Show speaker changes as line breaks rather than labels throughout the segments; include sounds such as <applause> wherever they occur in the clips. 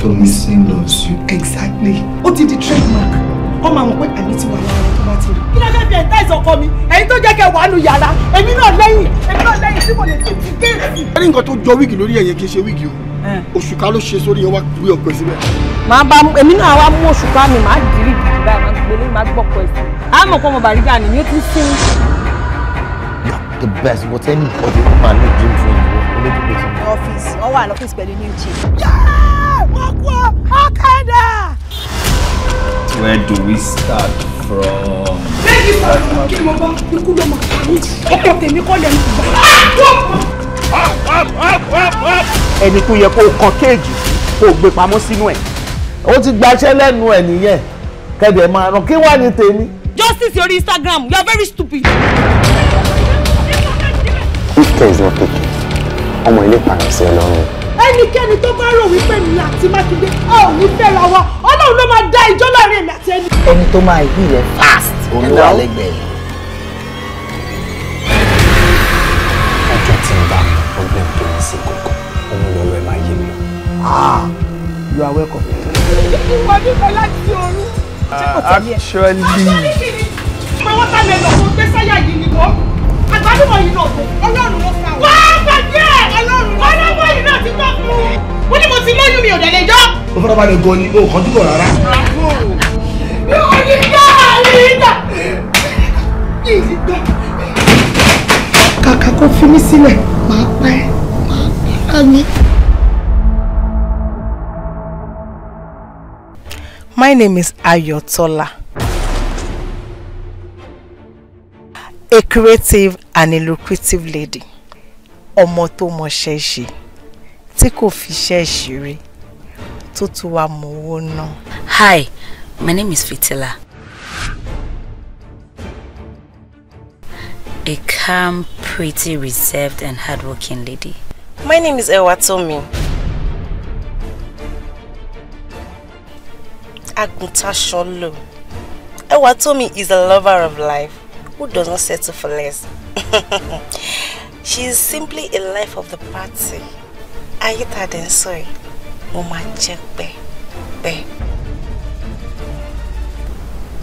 Tomisin <laughs> loves you. Exactly. What ti the trademark.
Oh àwọn pé àní ti wà lára tó bá ti rí. Kí ló fẹ́ fi ẹ̀dá ìsọ̀kọ mi? Ẹ̀yin tó get one who nù yàrá. Èmi not lẹ́yìn. Èmi náà not tí mo lè ti ti
géètì. Ẹ ní nǹkan tó jọ wíìgì lórí ẹ̀yẹ kì í ṣe wíìgì o. Oṣù ká ló ṣe sórí ẹ wá gbé ọkọ ẹ síbẹ̀. Màá bá èmi náà wá mú oṣù ká mi, màá dìrì
gidi báyìí, màá gbélé, màá gbọ́kọ ẹ̀ sí. Àmọ̀ pọ̀ ni, mi ò tún
the best what any other woman need dream for
where
do we start from. lẹ́yìn
ìfọ̀rọ̀ kí ẹni tó yẹ kó kan kéèjì kó gbé pamọ́ sínú ẹ̀. ó ti gbaṣẹ́ lẹ́nu ẹ̀ nìyẹn kẹ́dẹ̀ máa ràn kí wàá ní tèmi. justice orí instagram you are very stupid.
this case is not taken ọmọ ilé pààyàn sí ọlọ́run.
ẹnikẹ́ni tó bá rò wípé mi àti mákindé a ò ní fẹ́ra wa ọlọ́run ló máa dá ìjọ láàrin èmi àti ẹni.
ẹni tó máa yí rẹ fast olúwa lẹ́gbẹ̀ẹ́.
ọjọ́ tí ń bá mi problem tó ní sí kọ̀ọ̀kan òun lọ́rọ̀ máa yé mi. Ah, you are welcome.
ìwọ nípa láti ọrùn.
Ah, actually.
àwọn wọ́n sálẹ̀ lọ́wọ́ gbẹ́sẹ̀ yà yìí nìkan àgbálùmọ̀ yìí náà tó ọlọ́run ló fà wá. wàá gbàgbé ẹ̀ ọlọ́run ọlọ́wọ́ yìí náà ti gbọ́ fún un. ó ní mo ti lóyún mi ò dẹ̀ lè jọ́.
ó fọ́nrán balẹ̀ gan ni o kàn dúró rárá.
mi ò
ní gbà
My name is Ayotola. a creative and a lucrative lady ọmọ tó mọṣẹ́ ṣe tí kò fi
iṣẹ́ ṣeré tó tún wá mọ owó ná. hi my name is Fitila. A calm, pretty, reserved, and hardworking lady. My name is Ewatomi.
Aguntasolo. Ewatomi is a lover of life who does not settle for less. <laughs> she is simply a life of the party. Ayita Densoy, mo máa jẹ́ pẹ́pẹ́.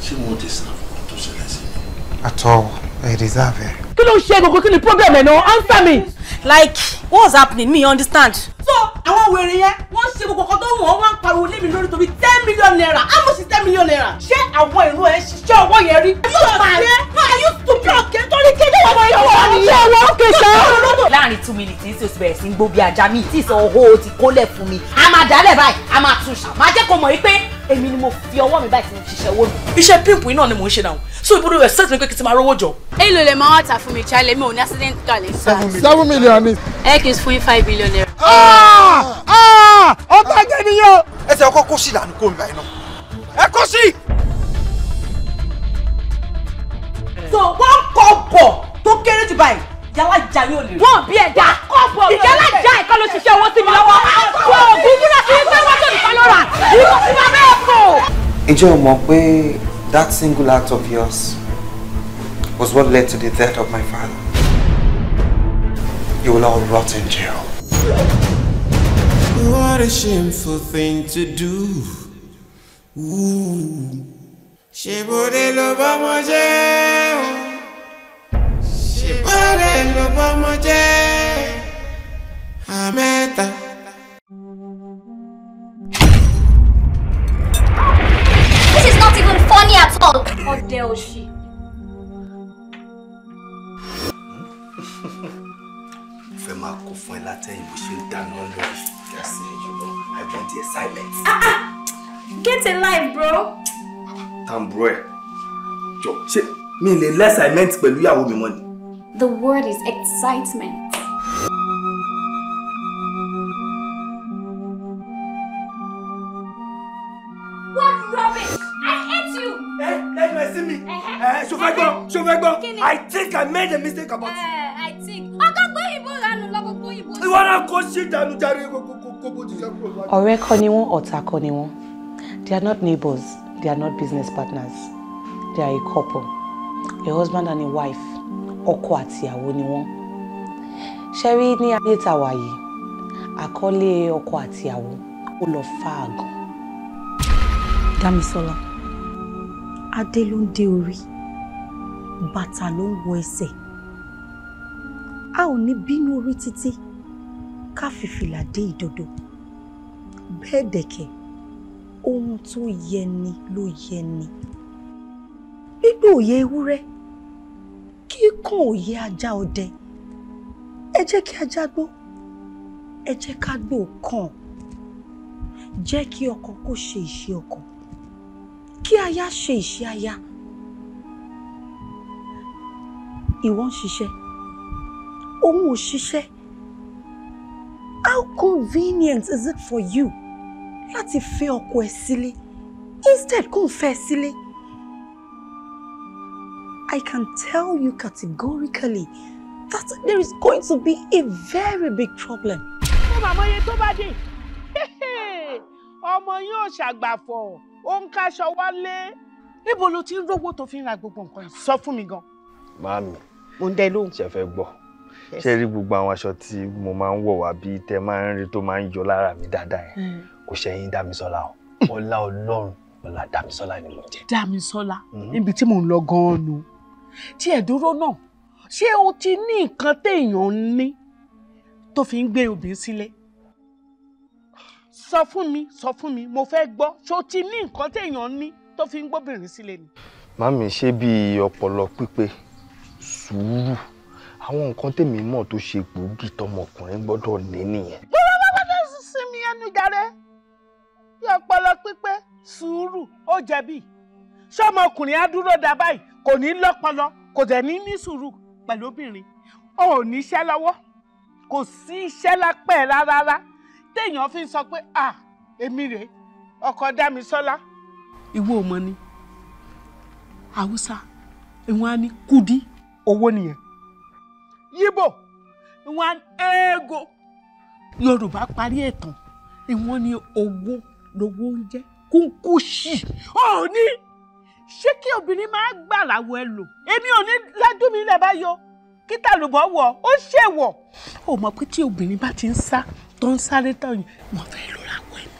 Ṣé mo deserve kan tó ṣẹlẹ̀
At all, I deserve it. Kí ló ń ṣe gbogbo kí ni program ẹ̀ Answer me! like what's happening me understand. so àwọn wèrè yẹn wọ́n ṣe gbogbo ọkọ tó wọ́n wá ń pariwo lé mi lórí torí ten million naira how much is ten million naira. ṣé àwọn ìlú ẹ ṣiṣẹ́ ọwọ́ yẹn rí. yóò máa ṣe máa yóò tún bí ọ̀kẹ́ torí kéde ọmọ ìwọ nìyẹn. ṣé wọ́n kè sá.
láàrin two minutes ní tí o ti bẹ̀rẹ̀ sí ń gbó bí ajá mi tí ìsọ owó o ti kólẹ̀ fún mi a máa dálẹ̀ báyìí a máa tún ṣà máa jẹ́ kó mọ̀ wípé èmi ni mo fi ọwọ́ mi báyìí tí mo ṣiṣẹ́ owó mi. iṣẹ́ pimpu
iná ni mò ń ṣe náà so ìbúrò rẹ̀ sẹ́ẹ̀tì mi pé kí n ti máa rówó jọ.
èyí ló lè máa wá tà fún mi ṣáà
lè mi
ò ní accident kalẹ̀.
seven
million really honest.
ẹ kì five billion
naira. Ah! Ah! ọba jẹ nìyẹn. ẹ ti ọkọ kó sí ìlànà kó mi báyìí náà ẹ kó sí.
so one kọ̀ọ̀bọ̀ tó kéré jù báyìí yàrá ìjà yóò lè. wọn bí ẹja kọ̀ọ̀bọ̀ ìjàlá ìjà ẹ̀kọ́ ló ṣiṣẹ́ owó sí mi lọ́wọ́ wọ ògùn múra sí ẹgbẹ́ wọn tó nìkan ló rà ìlú sí wa bẹ́ẹ̀ kò.
ǹjẹ́ mọ̀ pé
that single act of yours was what led to the death of my father. you will all rot in jail. What a shameful thing to do. Ooh. Ṣèbọ̀dé ló bá
Àmẹ́ta.
This is not even funny at all. Ọdẹ òṣì.
fún ẹ látẹ̀yìn bó ṣe ń dáná lórí gàsí you know I want the excitement. Ah, ah.
Get a life bro.
Tambro ẹ̀ jọ ṣé mi lè lẹ́sàmẹ́ǹtì pẹ̀lú ìyàwó mi mọ́ money.
The word is excitement.
I think I made a mistake about uh,
you. Eh, I think. Ọ̀gá gbọ́ ìwọ náà kò
sí ìdànù járe
kókó ti jẹ́
ọ̀rẹ́ kọ́ ni wọ́n ọ̀tá kọ́ ni wọ́n they are not neighbors they are not business partners they are a couple a husband and a wife ọkọ àti ìyàwó ni wọ́n ṣe rí ní ayé tá wà yìí àkọlé ọkọ àti ìyàwó ó lọ fáàgàn.
Dámisọ́lá adé ló ń dé orí bàtà ló ń wọ ẹsẹ̀ a ò ní bínú orí títí ká fi fìlà dé ìdodo bẹ́ẹ̀ dẹ̀kẹ̀ ohun tó yẹni ló yẹni gbígbó òye ewúrẹ́ kíkàn òye ajá ọdẹ ẹ jẹ́ kí ajá gbó ẹ jẹ́ ká gbó kàn jẹ́ kí ọkọ kó ṣe ìṣe ọkọ kí aya ṣe ìṣe aya ìwọ ń ṣiṣẹ́ òun ò ṣiṣẹ́ how convenient is it for you láti fẹ́ ọkọ ẹ sílé instead kò ń fẹ́ sílé. I can tell you categorically that there is going to be a very big problem.
Ṣé màmá yẹn tó bá dé? Ọmọ yóò ṣàgbàfọ̀, ó ń káṣọ wálé. Níbo ló ti ń rówó tó fi ń ra gbogbo nǹkan yìí? Sọ fún mi gan.
Màámi. Mo ń dẹ lóhùn. Ṣé gbọ́? ṣe rí gbogbo àwọn aṣọ tí mo máa ń wọ̀ wá bí tẹ máa ń rí tó máa ń yọ lára mi dáadáa yẹn hmm. kò ṣẹ̀yìn Dámisọ́lá o ọlá Ọlọ́run ọlá Dámisọ́lá ni mo jẹ.
Dámisọ́lá hmm. níbi tí mò ń lọ gan-an nu tí ẹ̀ dúró náà ṣé o ti ní nǹkan téèyàn ń ní tó fi ń gbé obìnrin sílé sọ fún mi sọ fún mi mo fẹ́ gbọ́ ṣé o ti ní nǹkan téèyàn ń ní tó fi ń gbóbìnrin sílé ni.
màmí ṣé bíi ọpọlọ pípé sùúrù àwọn nǹkan tèmi mọ̀ tó ṣe gbòógì tọmọkùnrin gbọ́dọ̀ ní nìyẹn.
mo rọ wọn bá sinmi ẹnu jàre bí ọpọlọ pípé sùúrù ó jẹ̀bi ṣọmọkùnrin á dúró da báyìí kò ní lọ́pọlọ kò dẹ̀ ní ní sùúrù pẹ̀lú obìnrin ò ní iṣẹ́ lọ́wọ́ kò sí iṣẹ́ lápẹ́ rárá téèyàn fi ń sọ pé à èmi rèé ọkọ Dámisọ́lá. ìwọ ò mọ̀ ni haúsá ìwọn á ní kudi owó nìyẹn yíbò ìwọ̀n eégún yorùbá parí ẹ̀tàn ìwọ̀n ni owó lowó ń jẹ́ kúnkúṣì òní ṣé kí obìnrin máa gbà láwọ ẹ lò èmi ò ní lájú mi lẹ bá yọ kí tàlùbọ̀ wọ̀ ó ṣèwọ̀. ó pé tí obìnrin bá ti ń sá tó ń sáré tán yìí
wọ́n fẹ́ lọ láwọ ẹ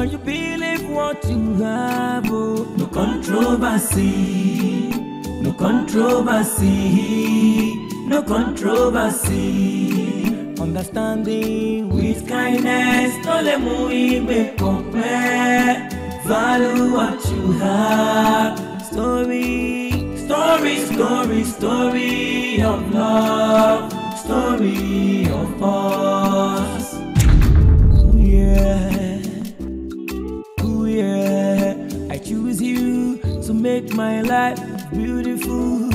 When you believe what you have, oh. no controversy, no controversy, no controversy. Understanding with kindness, no let me make compare. Value what you have. Story, story, story, story of love, story of us. Yeah. make my life beautiful.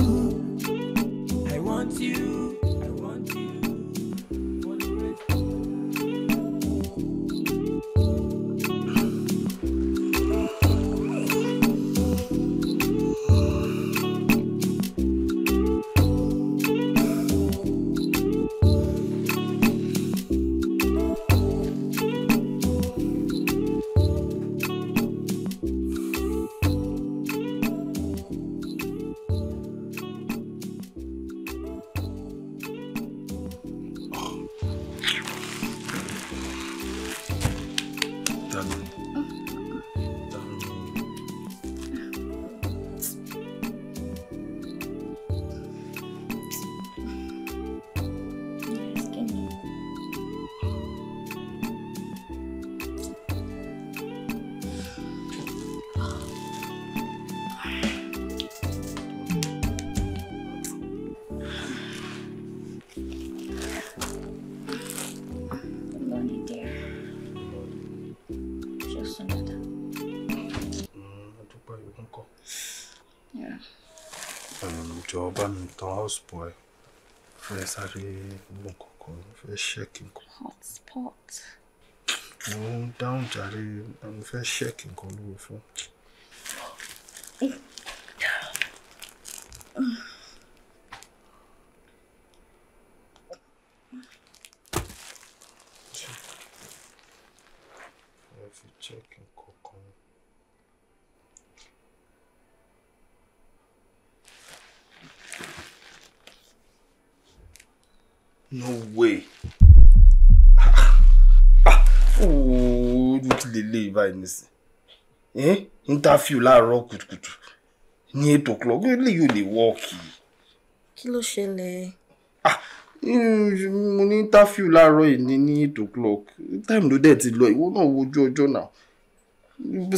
houseboy fẹ́ sáré mú kankan fẹ́ ṣẹ́kì nǹkan. hotspot. mo ń dáhùn jàre mo fẹ́ ṣẹ́kì nǹkan lówó mi sí interview láàárọ̀ kùtùkùtù ní eight o'clock ilé you, lè wọ́ọ̀kì.
kí ló ṣẹlẹ̀.
Ah, mo ní interview láàárọ̀ yìí ní eight o'clock time ló dẹ̀ ti lọ ìwọ náà wojú ọjọ́ náà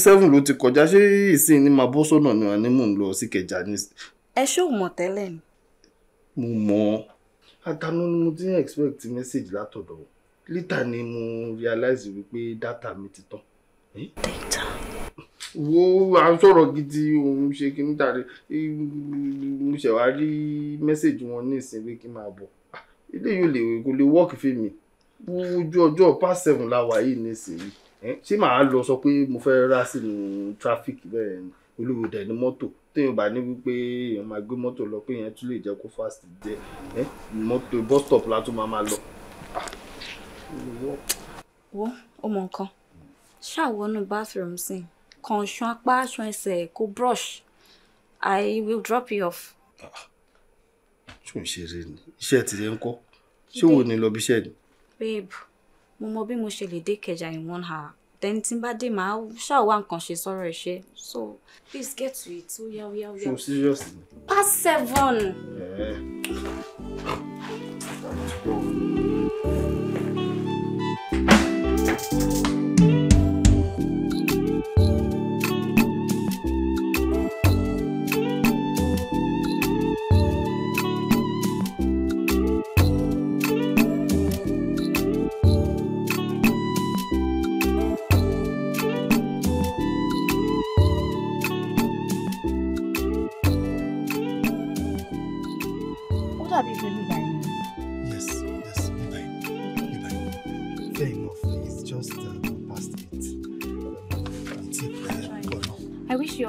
seven ló ti kọjá ṣé ìsìn ní máa bọ́ sọ́nà ni wọn ni mò ń lọ sí kẹjà ní.
ẹ ṣé ò mọ̀ tẹ́lẹ̀ ni.
mo mọ̀ àtànú ni mo ti ń expect message látọ̀dọ̀ lítà ni mo realize wípé data mi ti tán data. wo à ń sọ̀rọ̀ gidi òun ṣe kí n dàrí mo ṣẹ̀ wá rí mẹ́sẹ̀gì wọn ní ìsìn pé kí n máa bọ̀ ah, eléyìí ò lè kò lè wọ́ọ̀kì fèmí ojú ọjọ́ past seven la wà yìí nísìnyí ṣé màá lọ sọ pé mo fẹ́ rá sínú tráfíkì bẹ́ẹ̀ ni olówó dẹ̀ ní mọ́tò téèyàn bá ní wípé èèyàn máa gbé mọ́tò lọ pé èèyàn tún lè jẹ́ kó fast jẹ́ mọ́tò bus stop la tún máa máa lọ. Ah,
wo ó mọ nǹkan ṣàwọnú bathroom sí kàn ṣan apá ṣan ẹsẹ̀ kó brush i will drop you off. Ah,
ṣé òun ṣe eré ni iṣẹ́ ti rẹ̀ ń kọ́ ṣé wo ni lọ bí iṣẹ́ ni.
babe mo mọ bí mo ṣe lè dé kẹjà in one hour then tí n bá dé màá ṣàwọ nǹkan ṣe sọ̀rọ̀ iṣẹ́ so please get to it ó yá ó yá ó yá. so serious. past seven. Yeah.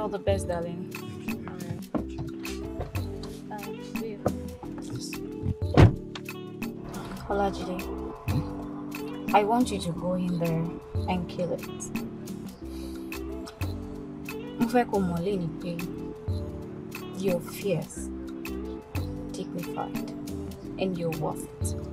all the best, darling. Olajide, I want you to go in there and kill it. Mo fẹ́ you you're fierce, dignified, and you're worth it.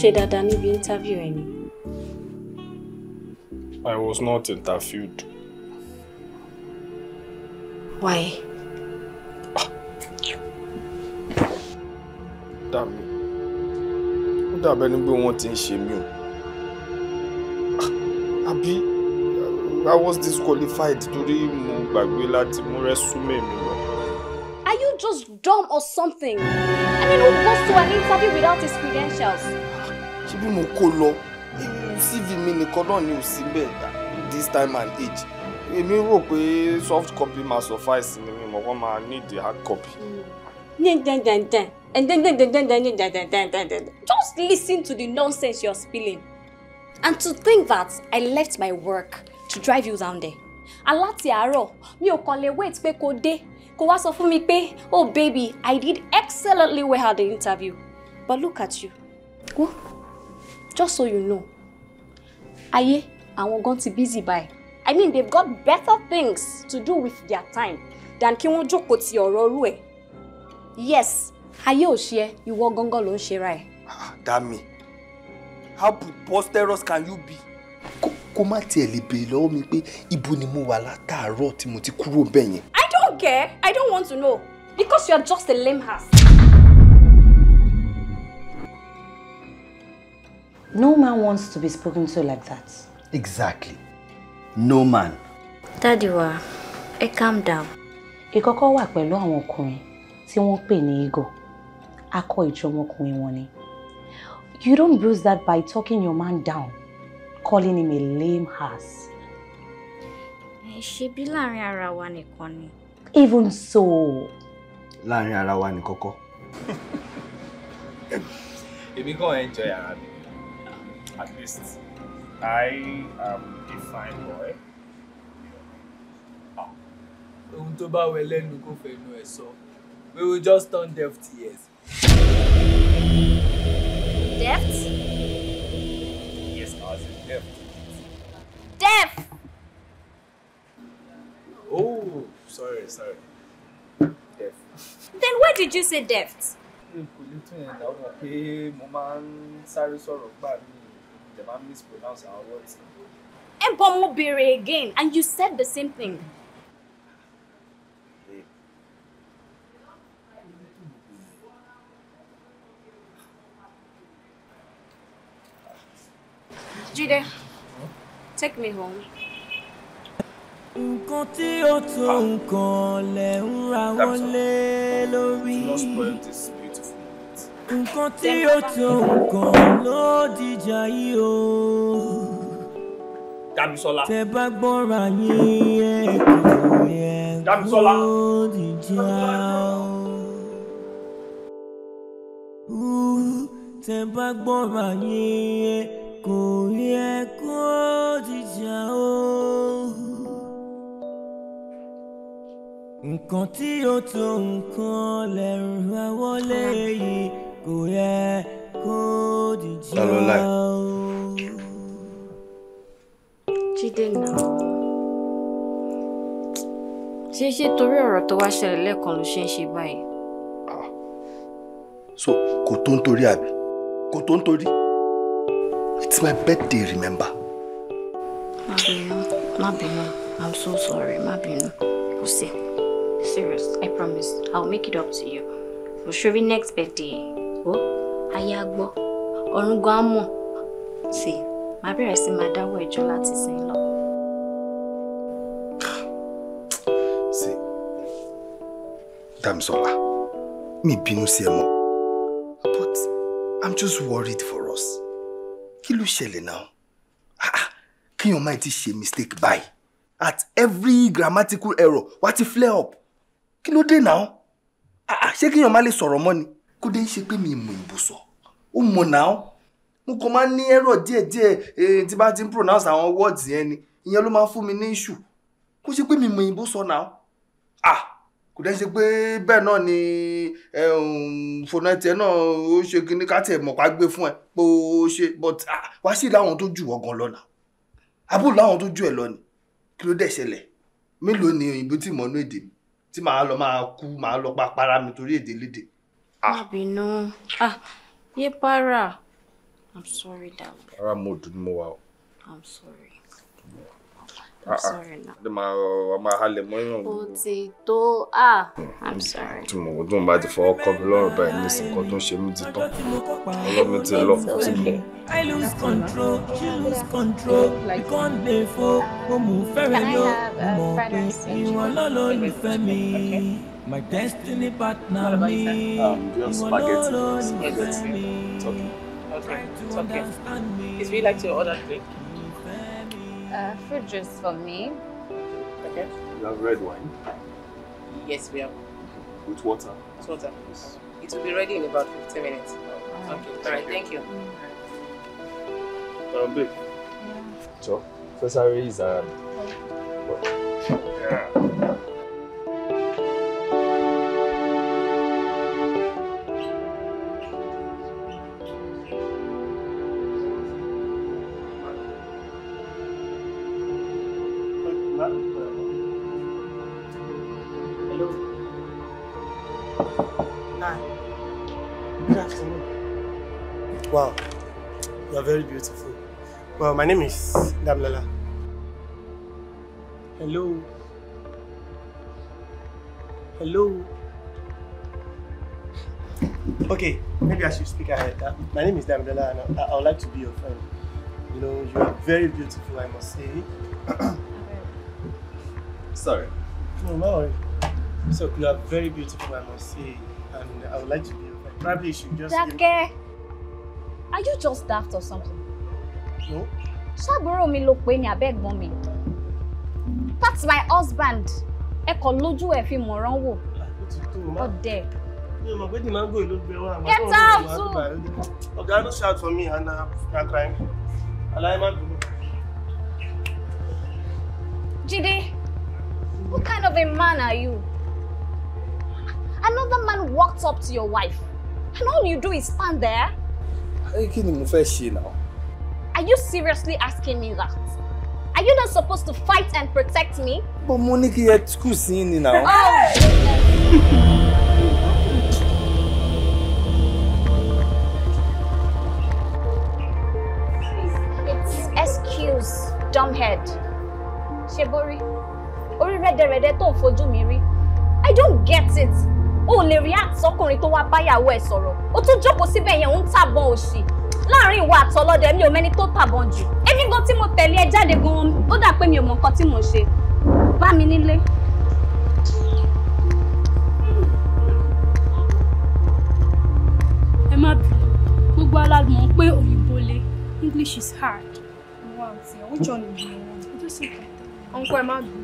ṣe dáadáa níbi interview ẹ ni.
I was not interviewed. Why? Dàmí, ó dàbẹ́ ní pé wọ́n ti ń ṣe mí o. Àbí I was disqualified torí mo gbàgbé láti mú rẹ́súmẹ̀ mi lọ.
Are you just dumb or something? I mean, who goes to an interview without his credentials?
ṣé bí mo kó lọ cv mi nìkan náà ni ò sí bẹ́ẹ̀ this time and age èmi rò pé soft copy máa suffice ni mi mọ̀ wọ́n máa need the hard copy.
ní dandandan and just listen to the nonsense you're spilling and to think that I left my work to drive you down there aláti àárọ̀ mi ò kàn lè wait pé kò dé kò wá sọ fún mi pé oh baby I did excellently well at the interview but look at you. Whoa. Just so you know. Ayé, àwọn gan ti busy By, I mean they've got better things to do with their time than kí wọ́n jókòó ti ọ̀rọ̀ ọrú ẹ̀. Yes, ayé ò ṣe ẹ́, ìwọ gángan ló ń ṣe ra ẹ̀.
Ah, Dami, how preposterous can you be? Kó ti tiẹ̀ lè béèrè lọ́wọ́ mi pe ibo ni mo wà látàárọ̀ tí mo ti kúrò bẹ́ẹ̀
yẹn.
I don't care, I don't want to know because you are just a lame ass.
No man wants to be spoken to like that.
Exactly. No man.
Daddy wa, ẹ calm down. Ìkọ́kọ́ wà pẹ̀lú àwọn ọkùnrin tí wọ́n pè ní ego. Akọ ìjọ ọmọkùnrin wọn ni. You don't bruise that by talking your man down, calling him a lame ass.
Ṣebí láàrin ara wa nìkan ni.
Even so. Láàrin ara wa ni nìkọ́kọ́.
Èmi kàn enjoy ara mi at least I am a fine boy. Ah, ohun tó bá wẹ lẹ́nu kò fẹnu ẹ̀ sọ. We will just turn deaf to ears. Deaf? Yes, I in deaf. Deaf! Oh, sorry, sorry. Deaf.
Then why did you say deaf?
Kò lè tún yẹn dáhùn pé mo máa ń sáré sọ̀rọ̀ gbà mí tẹ̀ bá mispronounce our words.
ẹ again and you said the same thing. Jide, huh? take me home.
Nǹkan tí ó tó ah. nǹkan lẹ̀ ń ra wọlé lórí nǹkan tí ó tó nǹkan ló dìjà yìí o. Damisola. tẹ bá gbọ́ra yín ẹ̀kọ́ ẹ̀kọ́ dìjà o. tẹ bá gbọ́ra yín ẹ̀kọ́ ẹ̀kọ́ dìjà o. nǹkan tí ó tó nǹkan lẹ́rù wá wọlé yìí
ta ló láì.
jíde náà ṣe ṣe torí ọ̀rọ̀ tó wá ṣẹlẹ̀ lẹ́ẹ̀kan ló ṣe ń ṣe báyìí. Ah. so
kò tó ń torí àbí kò tó ń torí it's my birthday remember.
má bínú má bínú i'm so sorry má bínú kò sí serious i promise i'll make it up to you for sure next birthday ó ayé á gbọ́ ọ̀run gan mọ̀ sí i bẹ̀rẹ̀ sí máa dáwọ́ ẹjọ́ láti sìn lọ.
sí Damisola mi bínú sí ẹ mọ́ but I'm just worried for us kí ló ṣẹlẹ̀ náà kéèyàn máa ti ṣe mistake báyìí at every grammatical error wá ti flare up kí ló dé náà ṣé kéèyàn má lè sọ̀rọ̀ mọ́ ni kó dé ṣe pé mi mọ̀ ìbùsọ̀ ó mọ̀ náà mo kàn máa ń ní error díẹ̀díẹ̀ eh, tí bá ti ń pronounce àwọn words yẹn ni ìyẹn ló máa fún mi ní issue kó ṣe pé mi mọ̀ ìbùsọ̀ náà ah kò dẹ́ ṣe pé bẹ́ẹ̀ náà ni eh, fònà tiẹ̀ náà ó ṣe kíní ká tiẹ̀ mọ̀ gbé fún ẹ pé ó ṣe but wá sí láwọn tó jù ọ̀gàn lọ́nà abúlé láwọn tó jù ẹ̀ lọ ni kí ló dẹ̀ ṣẹlẹ̀ mélòó ni òyìnbó tí mọ̀ èdè tí màá lọ máa kú màá lọ pa para mi torí èdè lédè
Ah. má bínú ah ye para i'm sorry darling.
Para mo dun mo wà
i'm sorry. I'm ah, ah. sorry now.
Dem a ma halẹ̀ mọ́ yàn. I'm hmm. sorry. Tí mo dún bá ti fọwọ́ kọ́ mi lọ́rùn báyìí ní ìsìnkú tó ń ṣe mí ti tán. Ọlọ́run ti lọ
I lose control, she lose control, we can't play for, mo mú fẹ́rẹ̀ yó, mo mọ̀ pé ìwọ̀n lọ́lọ́ olùfẹ́ mi. My destiny partner me. Um, just spaghetti, spaghetti, turkey. Okay, it's okay.
Is we like to order drink?
Uh, fruit juice for me.
Okay.
You have red wine.
Yes, we have. With water. With water. Yes. It will be ready in about 15
minutes. Okay. All right. Thank you.
Um, babe. Yeah. So, Cesare is um. Yeah.
Uh, my name is Damlala. Hello.
Hello. Okay,
maybe I should speak ahead. Uh, my name is Damlala and I, I, would like to be your friend. You know, you are very beautiful, I must say. <coughs> Sorry. No, no So, you are very beautiful, I must say. And I would like to be your friend. Probably you should just.
Dake! Are you just daft or something? òkè ó ṣàbúrò mi ló pé ní abẹ́gbọ́n mi that's my husband ẹ kọ lójú ẹ fi mọ̀ràn wò
ọdẹ. get out too. ọ̀gá no shout for me and na crime alaima dunu.
Jide, what kind of a man are you? Another man walked up to your wife, and all you do is stand there.
kí ni mo fẹ́ ṣe náà.
Are you seriously asking me that? Are you not supposed to fight and protect me?
But Monique, you're too me
now. Oh! excuse dumbhead ṣe borí orí rẹ́dẹ̀rẹ́dẹ́ tó ń fojú mi rí i don't get it Oh, lè react sọkùnrin to wá báyàwó ẹ̀ sọ̀rọ̀ o tún jókòó síbẹ̀ yẹn ò ń tàbọn òṣì láàrin ìwà àtọlọ́dẹ mi ò mẹ́ni tó tàbọn jù èmi gan tí mo tẹ̀lé ẹ jáde gan ó dà pé mi ò mọ nǹkan tí mò ń ṣe bá mi nílé. ẹ má bì gbogbo alágbọ̀n pé òyìnbó le English is hard.
wow which one is the one. ọ̀nkọ́ ẹ má bì.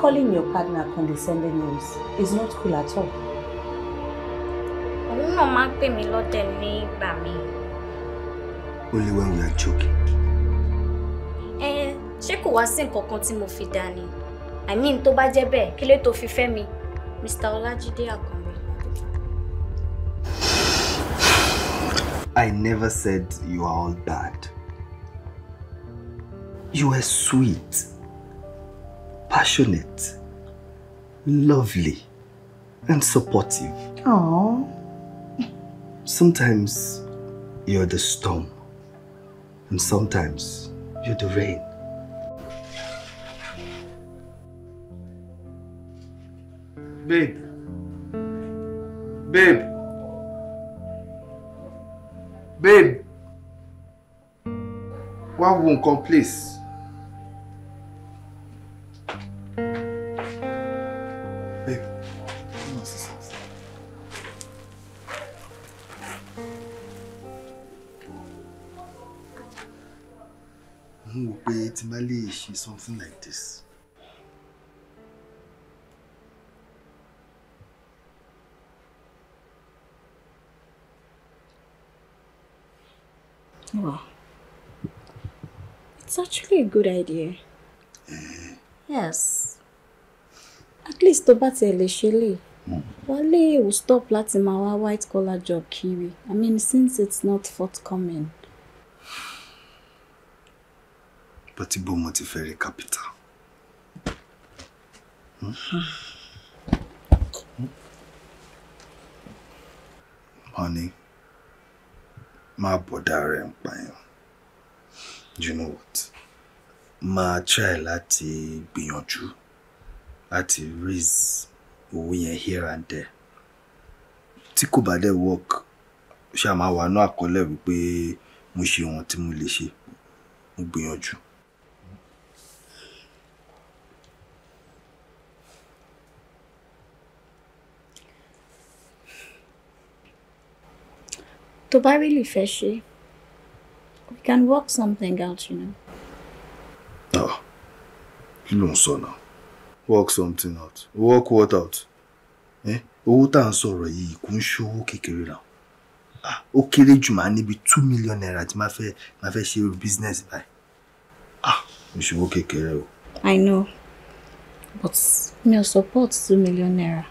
Calling your partner condescending names is not cool at all.
Òun náà máa ń pè mí lọ́tẹ̀ ní ìgbà mi.
Only when we are joking.
Eh, ṣé kò wá sí nǹkan kan mo fi dá ni? I mean tó bá jẹ́ bẹ́ẹ̀ kí fi fẹ́ Mr. Olajide Àkànbí.
I never said you are all bad. You were sweet. passionate, lovely, and supportive. Aww. Sometimes you're the storm, and sometimes you're the rain. Babe. Babe. Babe. One not come, please.
good idea. Mm-hmm. yes. at least to bá tiẹ̀ lè ṣe lè mm-hmm. will stop láti our white collar job Kiwi. i mean since it's not forthcoming.
But it's mo ti fẹ́ capital. Hmm? Hmm? Honey, má bọ̀dá Do you know what? máa try láti gbìyànjú láti raise owó yẹn here and there tí kò bá dẹ̀ work ṣáà máa wà ní àkọọ́lẹ̀ wípé mo ṣe ohun tí mo lè ṣe mo gbìyànjú.
tó bá really fẹ́ ṣe we can work something out you know. Ah,
kí ló ń Work something out. Work what out? Eh? Owó tá à ń sọ̀rọ̀ yìí kò ń ṣòwò kékeré náà. Ah, ó kéré jù máa níbi two million naira tí máa fẹ́ máa fẹ́ ṣe business báyìí. Ah, ìṣòwò kékeré o.
I know, but mi ò support two million naira.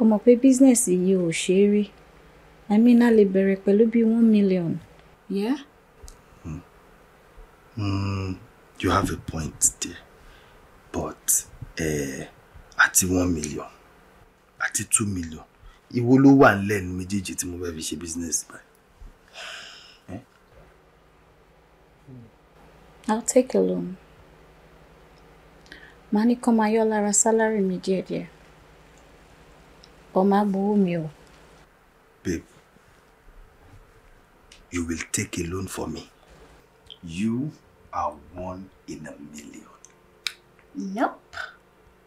O mọ̀ pé business yìí ò ṣe é rí. I mean, a lè bẹ̀rẹ̀ pẹ̀lú bíi one million. Yeah? Mm.
Mm you have a point there but uh, one million àti two million ìwo ló wà nílẹ̀ ní méjèèjì tí mo fẹ́ fi ṣe business by. Eh?
I'll take a loan. Màá ní kọ́ máa yọ lára sálárì mi díẹ̀díẹ̀. Bọ́ máa gbowó mi o.
Babe, you will take a loan for me. You are one in a million.
Nope.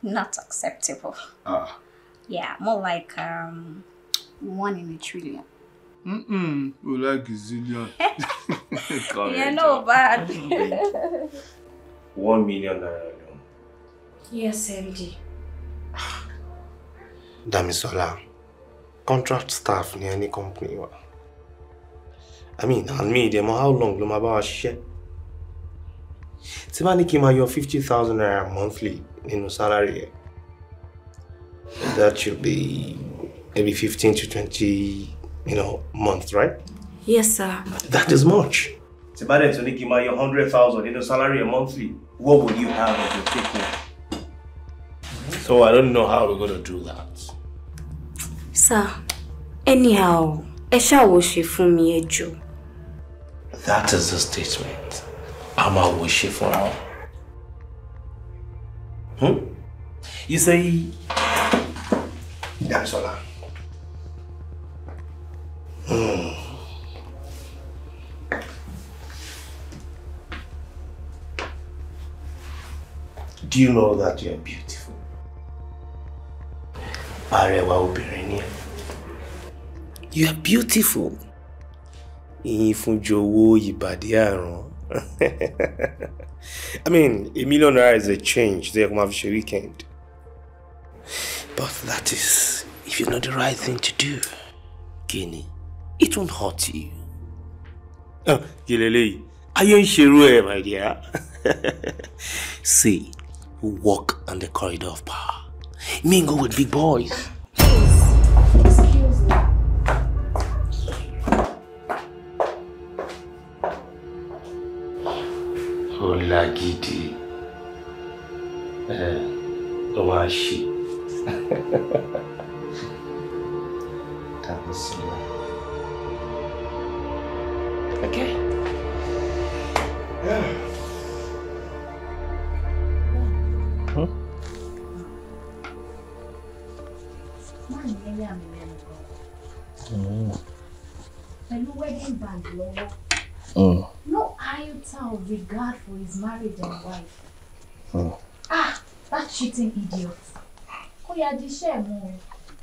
Not acceptable. Ah. Yeah, more like um, one in a trillion.
Mm-mm. We like zillion.
<laughs> yeah, no bad. one million naira alone.
Yes, MD.
Damisola, contract staff ní any company I
mean, and me, dem how long do máa bá wa tí bá ní kí n máa yọ fifty thousand naira monthly nínú salary yẹn that should be maybe fifteen to twenty you know months, right. yes sir. that is much. tí bá dẹ̀ tún ní kí n máa yọ hundred thousand nínú salary yẹn monthly what would you have as your take home. So I don't know how we're going to do that.
Sir, anyhow, ẹ ṣá wo ṣe fún mi ẹjọ́.
That is the statement a máa wò ṣe fúnra wọn. Hmm? You say. Damisola. Hmm. Do you know that you are beautiful? Arẹwà
obìnrin ni You are beautiful. Ìyìn fún jọ̀wọ́ ìbàdí àrùn. <laughs> I mean, a million naira is a change there have a weekend. But that is,
if you know the right
thing to do,
Guinea, it won't hurt you. Oh, ah, Gilele, are you in Shirue, my dear? <laughs>
See, walk on the corridor of power. Mingle with big boys. ó lágídí ó máa ṣe.
Tàbí sílẹ̀. Okay.
Yeah. Huh?
Mm. Pẹ̀lú wedding band lọ́wọ́.
Mm
iota of regard for his marriage and wife. Mm. Ah, that cheating idiot. Kó yá di iṣẹ́ ẹ̀ mú o.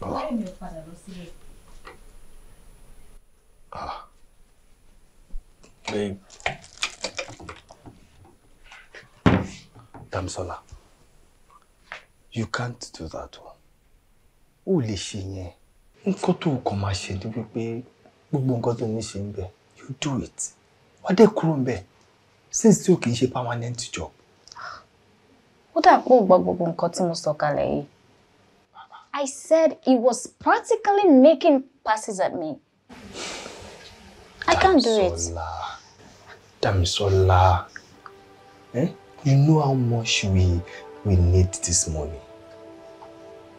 your oh.
father, ò padà lọ sílé.
Ah. Babe. Damisola, you can't do that o. O lè ṣe yẹn. Nǹkan to kàn máa ṣe ni wípé gbogbo nǹkan tó ní ṣe ń you do it wàá dẹ̀ kúrò ńbẹ̀ since tí o kì í ṣe permanent job.
ó dà pé ò gbọ́ gbogbo nǹkan tí mo sọ kalẹ̀ yìí. I said he was practically making passes at me. I can't do it.
Damisola, eh? You know how much we we need this money.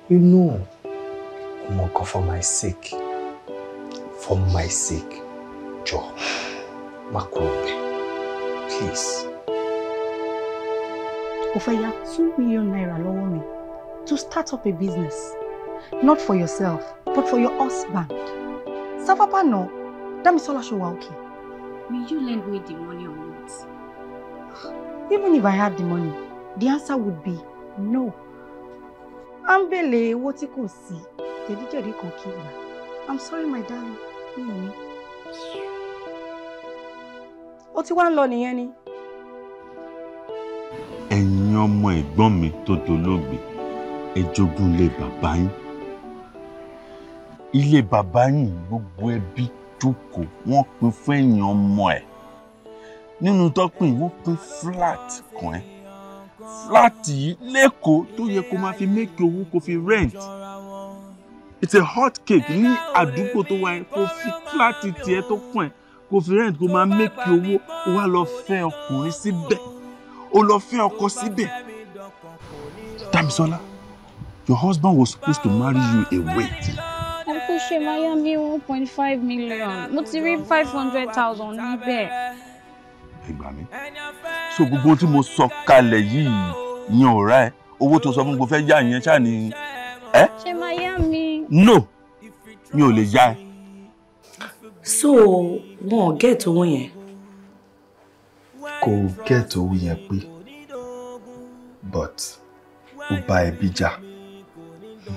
You know, Omoko, for my sake, for my sake, jọ̀ọ́ má kó please.
o two million naira lọ́wọ́ mi to start up a business not for yourself but for your husband. sáfàpà náà Damisola ṣe wà òkè.
Will you lend me the money or not?
Even if I had the money, the answer would be no. À ń bèlè owó tí kò sí. Jẹ̀díjẹ̀dí kan kí ìgbà. I'm sorry my darling. Mi ò ní ó ti wá ń lọ nìyẹn ni.
ẹ̀yin ọmọ ẹ̀gbọ́n mi tó dolóògbé ẹ jogún ilé bàbá yín ilé bàbá yín gbogbo ẹbí jókòó wọ́n pín fún ẹ̀yin ọmọ ẹ̀ nínú tọ́pìn wọ́n pín flat kan ẹ̀
fúláàtì yìí lẹ́kọ̀ọ́ tó yẹ kó máa fi mẹ́kì owó kó fi rent
it's a hot cake ní àdúgbò tó wáyé kó fi fúláàtì tiẹ̀ tó pọ̀ ẹ̀ kò fi rent kò máa make owó ó wá lọ fẹ́ ọkùnrin síbẹ̀ ó lọ fẹ́ ọkọ síbẹ̀.
Damisola your husband was supposed to marry you away.
Uncle ṣe máa yá mi one point five million mo ti rí five hundred thousand níbẹ̀. Ẹ gbà
so gbogbo tí mo sọ kalẹ̀ yìí ìyẹn ò rà ẹ́ owó tó sọ fún mi kò fẹ́ yá ìyẹn ṣáà ni.
Ṣé máa mi?
No mi ò lè yá ẹ
so wọn ò gẹ̀ẹ́tì owó yẹn.
kò gẹ̀ẹ́tì owó yẹn pé but ó bá ẹbí jà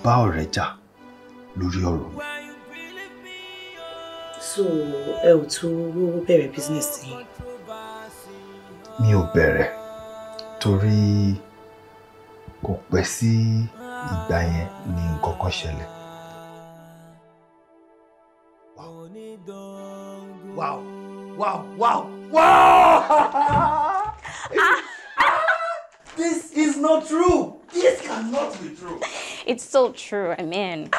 bá ọ̀rẹ́ jà lórí ọ̀rọ̀
so ẹ ò tó owó bẹ̀rẹ̀ business yìí.
mi ò bẹ̀rẹ̀ torí kò pẹ́ sí ìgbà yẹn ni nǹkan kan ṣẹlẹ̀.
wow wow wow wow. <laughs>
this is not
true. This cannot be true.
It's so true, I mean.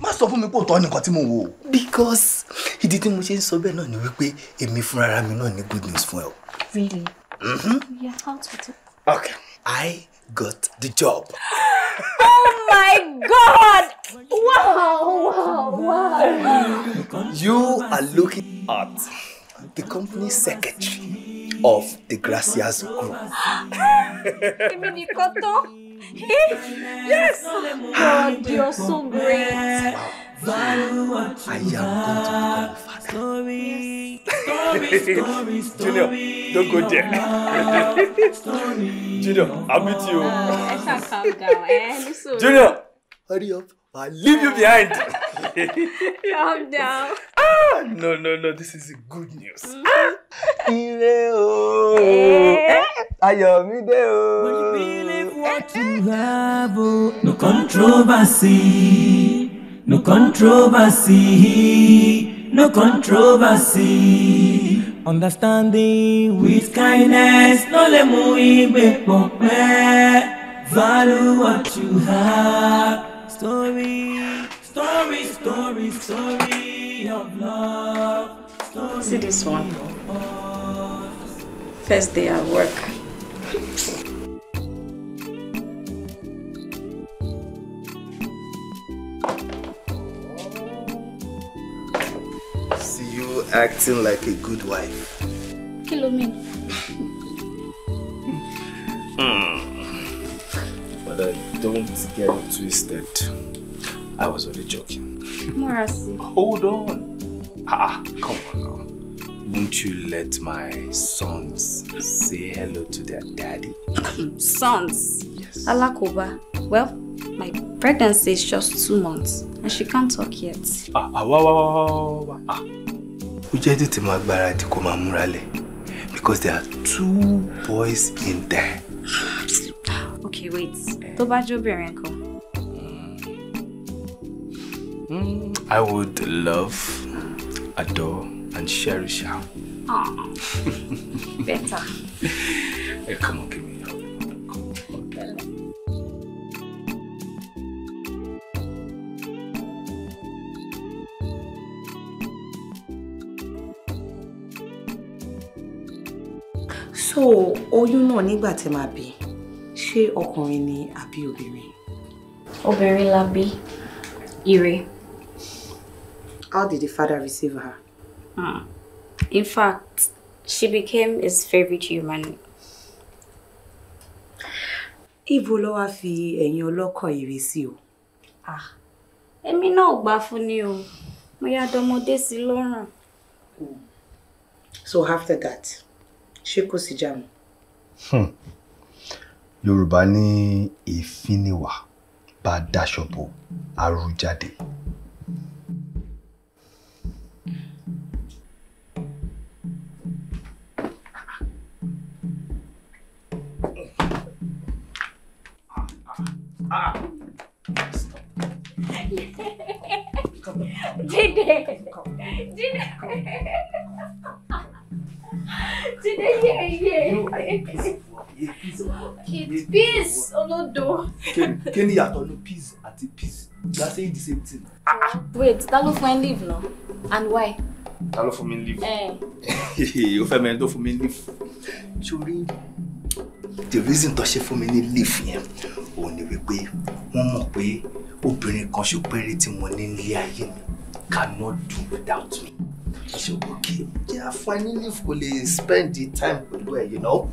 Má sọ fún mi pé òótọ́ nìkan tí mo wò.
Because
ìdí tí mo ṣe ń sọ bẹ́ẹ̀ náà ni wípé èmi fúnra mi náà ní good news fún ẹ o. Really? Mm-hmm.
Yeah, how to do?
Okay. I got the job.
oh my God! Wow, wow,
wow. You are looking at the company secretary of the Gracias Group
yes, God, you're so great. I am God,
Story,
story, story, Junior, don't go there.
<laughs>
Junior, I'll meet you. I
can calm down. Eh? Junior, hurry up.
I will leave you behind. <laughs>
Calm down.
Ah, no, no, no. This is
good news. Mm-hmm. Ah. Eh. me deu. É, é. No
controversy,
no controversy, no controversy. Understanding with kindness, no le muibe pope. Value what you have. Story, story, story,
story of love. Story See this one. First day at work. See
you acting like a good wife.
Kill me. mean?
Hmm. But I don't get it twisted. I was only joking.
Morasi. Hold on.
Ah, come on now. Won't you let my sons say hello to their daddy?
sons? Yes. Alakoba. Well, my pregnancy is just two months and she can't talk yet.
Ah, ah, wah, wah, wah, wah. Ah. Ó jẹ́ tètè máa gbáradì kó máa múra lẹ̀ because there are two boys in there.
Okay, wait. Tó bá jóbìnrin kan. Hmm.
Hmm. I would love, adore, and cherish
her. Oh, better. hey, come on, give me your.
So, oyún náà nígbà tí máa bí, She ọkùnrin ni àbí obìnrin? Obìnrin la bí, Ire. How did the father receive her?
In fact, she became his favorite human.
Ibo ló wá fi ẹ̀yìn ọlọ́kọ̀ ìrísí o. Ah,
èmi na gbà fún ni o. Mo yá dọmọdé sí lọ́rùn.
So after that, ṣé kò sí jàmù? Hmm.
Yorùbá ní ìfíniwà bá daṣọ bo àrùjáde. Hmm.
Jídé. Jídé yẹ yẹ. Kid peace olódo. Kí ni peace at peace?
You are saying the same thing.
Wait, that look fún ẹ leave now. And why?
That look for me leave? You eh. <laughs> fẹ́ me tó for me leave. Torí the reason tó ṣe for me ní leave yẹn òun ni wípé wọ́n mọ̀ pé obìnrin kan ṣó péré tí mo ní nílé ayé mi cannot do without me. ṣe o kí finally àfààní leave spend the time with ẹ̀ you know.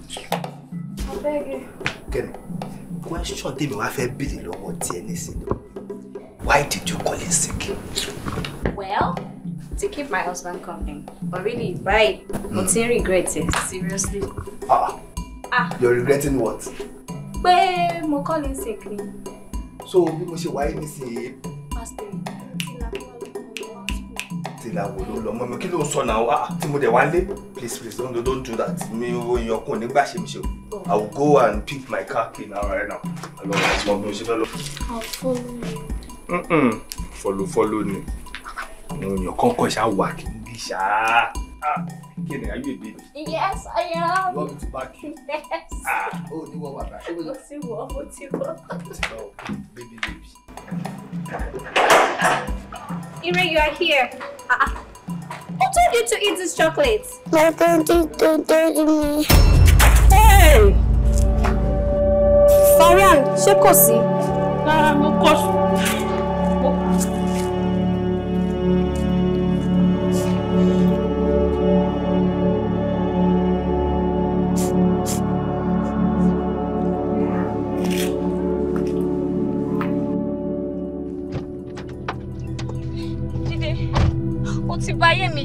abẹ́gẹ́. Okay. question tèmi wá fẹ́ bèrè lọ́wọ́ tiẹ̀ nísìnyí why did you call in sick.
well to keep my husband company but really why? mo ti ń hmm. regret it seriously. ah ah
you're regretting what.
pé mo call him sick ni.
so bí mo ṣe wáyé nísìnyí.
past three
still awo ló lọ mi kí ló sọ ah tí mo dẹ̀ wá lé please please don't don't do that mi ò yan kún nígbà ṣe mi ṣe i will go and pick my car key now right now ọlọ àti ọmọ mi ò ṣe fẹ́ lọ. follow follow ni àwọn èèyàn kọ́kọ́ ṣá wà kí n bí ṣá ah, kí ni are you a baby.
yes i am. you want me to back you. yes. ah o ní wọ́n wà bá. mo ti wọ mo ti wọ. baby baby. Ira, you are here. Uh, who told you to eat this chocolate?
My friend auntie told me.
Hey! Farian, ṣé kò sí? Rárá, mo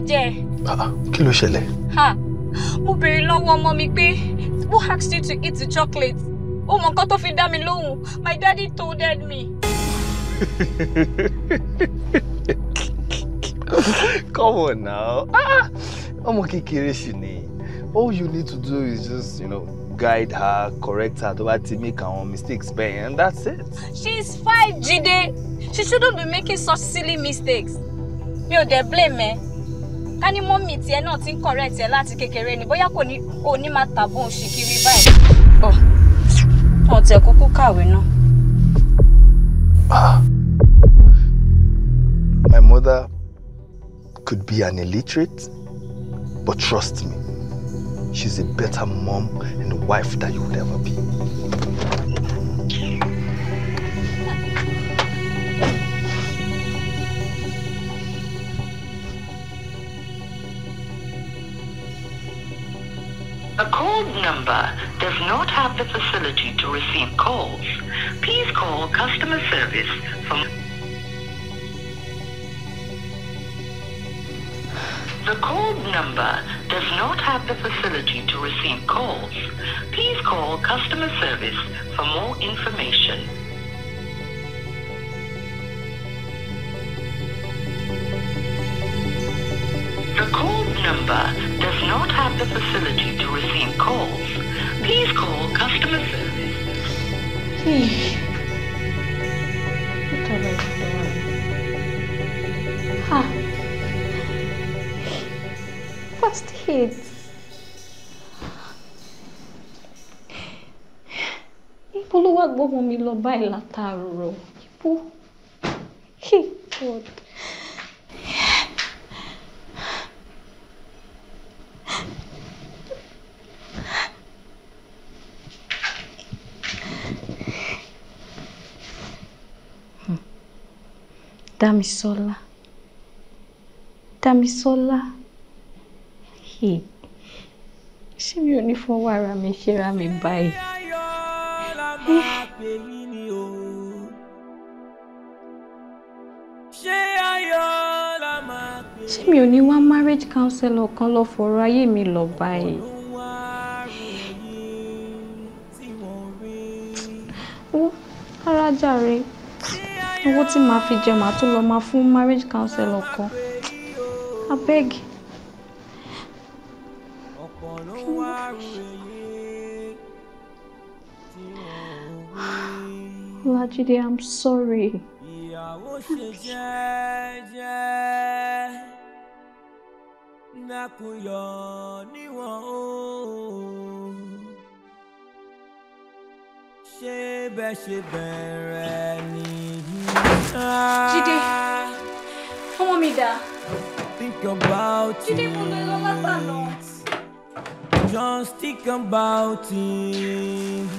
jẹ. Ah, ah, kí ló ṣẹlẹ̀. mo béèrè lọ́wọ́ ọmọ mi pé who asked you to eat the chocolate? ó mọ nǹkan tó fi dá mi lóhùn my daddy tolded me. <laughs>
come on now ah, ọmọ kékeré sì ni all you need to do is just you know, guide her correct her tó bá ti make àwọn mistakes bẹ́ẹ̀ and that's it.
she is five Jide she shouldn't be making such silly mistakes mi ò dẹ̀ blame ẹ. Eh? ká ní mọ́mì tiẹ̀ náà ti ń kọ̀rẹ́ tiẹ̀ láti kékeré ni bóyá kò ní kò ní máa tàbọ̀n ṣì kiri báyìí. ọ ọ tẹ kúkú kàwé náà.
Ah.
My mother could be an illiterate, but trust me, she's a better mom and wife than you would ever be.
number does not have the facility to receive calls, please call customer service from The called number does not have the facility to receive calls. Please call customer service for more information. number does not have the facility to receive calls, please call customer service.
Hmm.
What have I done?
Ha! Huh. First hit. Ibo ló wá gbọ́mọ mi lọ báyìí látàárọ̀? Ibo? Hey, God. Damisola. Damisola. Ṣé mi ò ní fọwọ́ ara mi ṣera mi báyìí? Ṣé mi ò ní wá marriage counselor kan lọ fọ̀rọ̀ ayé mi lọ báyìí? Ó, ara jàre owó tí màá fi jẹ màá tún lọ máa fún marriage counselor kan abeg Lajide, I'm sorry.
Ìyàwó Jídé, ọmọ mi dà. Think about it. Jídé mo lè lọ látàná. Just think about it.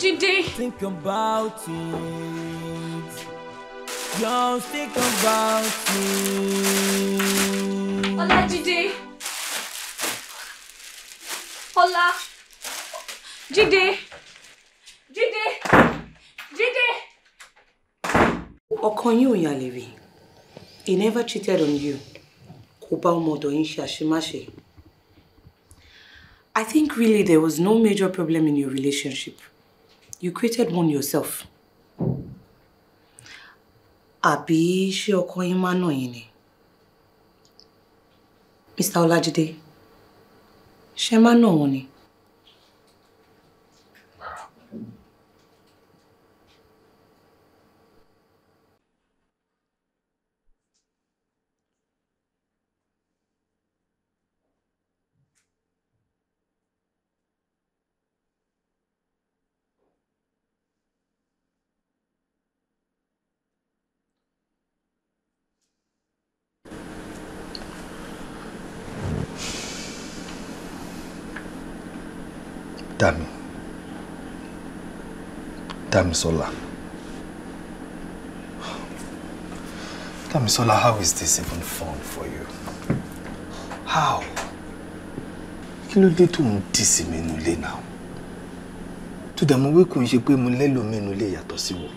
Jídé. Think about it. Just think about it. Ọlá Jídé. Ọlá. Jídé.
Jídé. Jídé
ọkàn yín ò yàn lè rí he never cheated on you kò bá ọmọ ọ̀dọ̀ yín ṣe àṣemáṣe. I think really there was no major problem in your relationship. You created one yourself. Àbí ṣé ọkọ yín máa nà yín ni? Mr. Olajide, ṣé máa nà wọ́n ni?
Dami Damisola Damisola how is this even fun for you how kí ló dé tó ń dì sí mi nulẹ̀ náà tó dẹ̀ mọ̀ wí kò ń ṣe pé mo lẹ́lòmíì nulẹ̀ yàtọ̀ sí wọ́n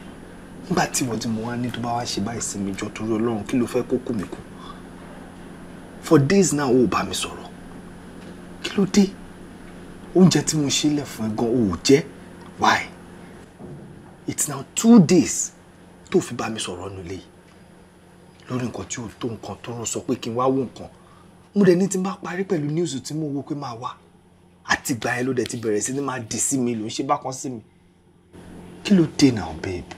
nígbà tí ti mọ̀ wá ní tó bá wá ṣe báyìí sí mi jọ torí ọlọ́run kí ló fẹ́ kó for days now ó bá mi sọ̀rọ̀ kí ló oúnjẹ tí mo ṣe lẹ̀ fún ẹ gan ò jẹ́ why it's now two days tó fi bá mi sọ̀rọ̀ nulẹ̀ lórí nǹkan tí ò tó nǹkan tó ń sọ pé kí n wá wò nǹkan mo dẹ̀ ní tí n bá parí pẹ̀lú news tí mo wo pé máa wá àti ìgbà yẹn ló dẹ̀ ti bẹ̀rẹ̀ sí ni máa dì sí mi ló ń ṣe bákan sí mi kí ló dé now babe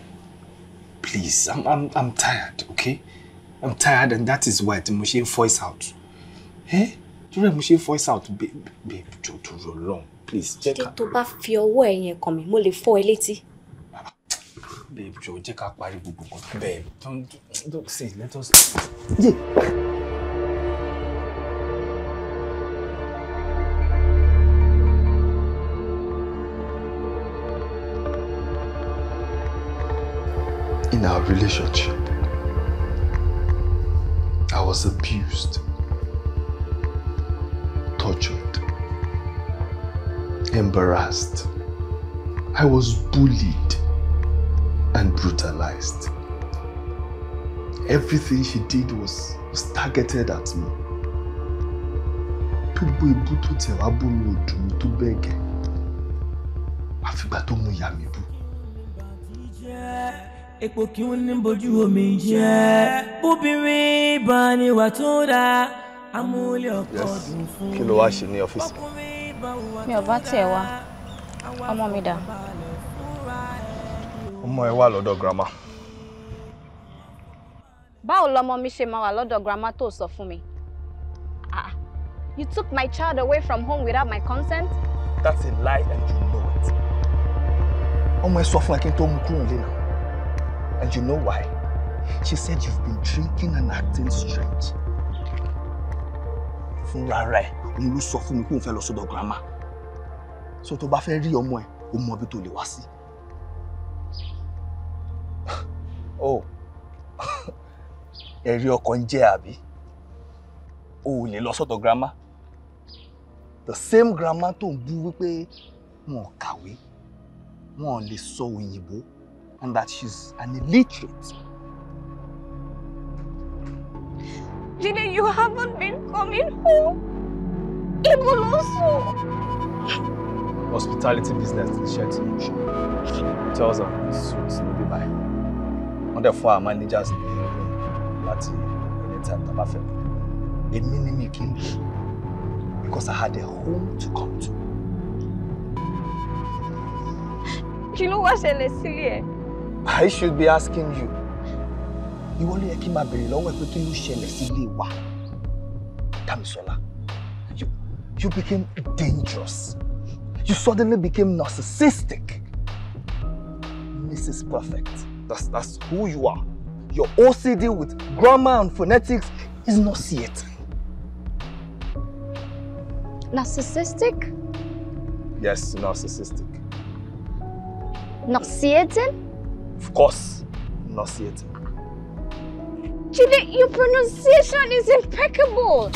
please i'm i'm i'm tired okay i'm tired and that is why tí mo ṣe ń voice out. Eh? torí ẹ̀ mo ṣe voice out babe jòjò lọ́n please
jẹ́ ká. tó bá fi ọwọ́ ẹ yẹn kàn mí mo lè fọ́ ẹ létí.
babe jọ jẹ́ ká parí gbogbo nǹkan babe don't don't say let us. in our relationship. I was abused tortured, embarrassed. I was bullied and brutalized. Everything she did was, was targeted at me. Gbogbo ibú tó tẹ̀ wá bú mi ò dùn tó bẹ́ẹ̀ gẹ̀.
Àfìgbà tó mú ìyá mi bú. Epo kí n ní bojú omi jẹ́, bóbìnrin bá ní wà tó dáa yes
kí ló wá ṣe ní ọ́fíìsì.
mi ò bá tiẹ̀ wá ọmọ mi dà.
ọmọ ẹ wà lọ́dọ̀ grandma.
báwo lọmọ mi ṣe máa wà lọ́dọ̀ grandma tó sọ fún mi. ah you took my child away from home without my consent.
that's a lie and you know it. ọmọ ẹ sọ fún ẹ kí n tó mú kúrò nílé náà and you know why she said you've been drinking and acting strange fúnra rẹ̀ òun ló sọ fún mi pé òun lọ sọ́dọ̀ grandma so tó bá fẹ́ rí ọmọ ẹ̀ ó mọ ibi tó lè wá sí. o oh. <laughs> ẹ̀rí ọkọ̀ ń jẹ́ àbí o ò lè lọ sọ́dọ̀ grandma the same grandma tó ń bú wípé wọn ò kàwé wọn lè sọ òyìnbó and that she's an illiterate.
Gina, you haven't been coming home. Even also.
Hospitality business is shared solution. Tells her this suits no be by. Under four our managers in the anytime tá a the fẹ́. Èmi ni mi kì í lò because I had a home to come to.
Kí ló wá ṣẹlẹ̀ sílé ẹ̀?
I should be asking you. You only yẹ kí n máa béèrè lọ́wọ́ ẹ pé kí ló ṣẹlẹ̀ sí ilé Tamisola you you became dangerous you suddenly became narcissistic Mrs. Perfect that's that's who you are your OCD with grammar and phonetics is nauseating.
Narcissistic?
Yes, narcissistic.
Nauseating?
Of course, nauseating.
Actually, your pronunciation is impeccable.